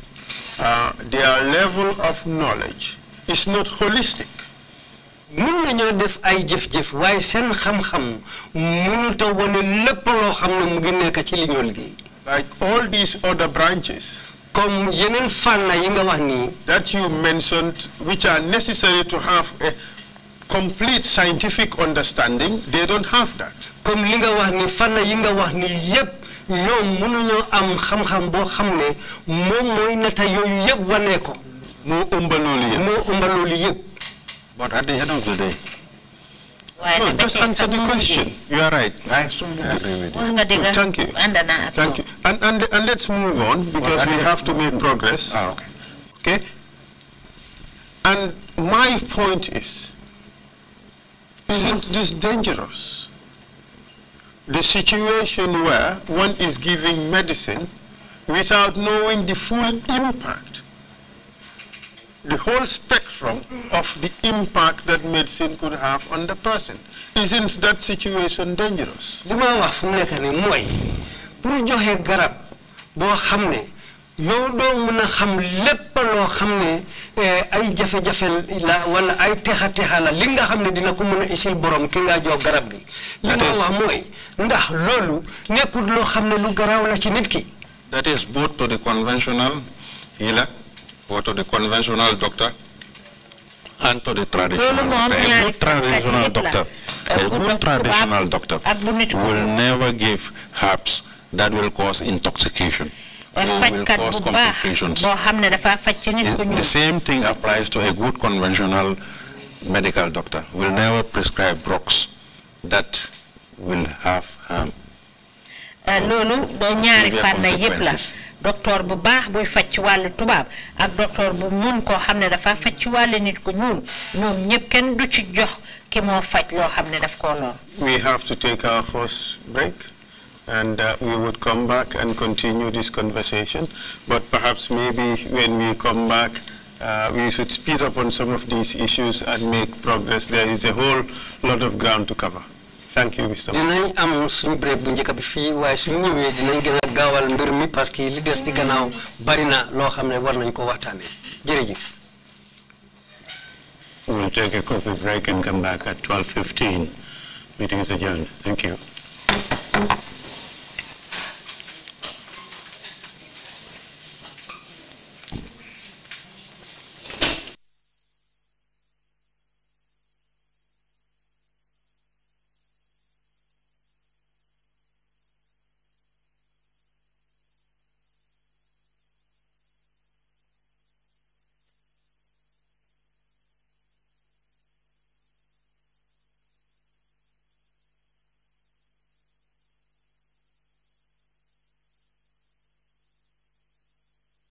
uh, their level of knowledge is not holistic. mën nañoo def ay jëf-jëf waaye seen xam-xam mënut a wane lépp loo xam ne mu ngi nekk ci li ñoo like all these other branches. comme yeneen fànn yi nga wax nii. that you mentioned which are necessary to have a complete scientific understanding, they don't have that. ni am ne wane ko. But at the end of the day. No, just answer the question. You are right. I agree with you. Thank you. Thank you. And, and, and let's move on because we have to make progress. Ah, okay. Okay? And my point is, isn't this dangerous? The situation where one is giving medicine without knowing the full impact, the whole spectrum of the impact that medicine could have on the person. Isn't that situation dangerous? yow doo mën a xam lépp loo xam ne eh, ay jafe-jafe la wala ay texa texa la li nga xam ne dina ko mën a isil borom ki ngaa jox garab gi li nga wax mooy ndax loolu nekkul loo xam ne lu garaaw la ci nit ki that is both to the conventional healer or to the conventional doctor and to the traditional doctor. traditional doctor, a good traditional doctor will never give herbs that will cause intoxication. The same thing applies to a good conventional medical doctor. Will ah. never prescribe drugs that will have harm. Ah, ñaari la docteur bu baax buy ak docteur bu mun dafa nit du ci jox ki daf we have to take our first break and uh, we would come back and continue this conversation. But perhaps maybe when we come back, uh, we should speed up on some of these issues and make progress. There is a whole lot of ground to cover. Thank you, Mr. dinañ am suñu break bu njëkk bi fii waaye suñu ñëwee dinañ gën a gaawal mbir mi parce que li des di gannaaw bari na loo xam ne war nañ ko waxtaanee jërëjëf. We'll take a coffee break and come back at 12.15. Meeting is adjourned. Thank you.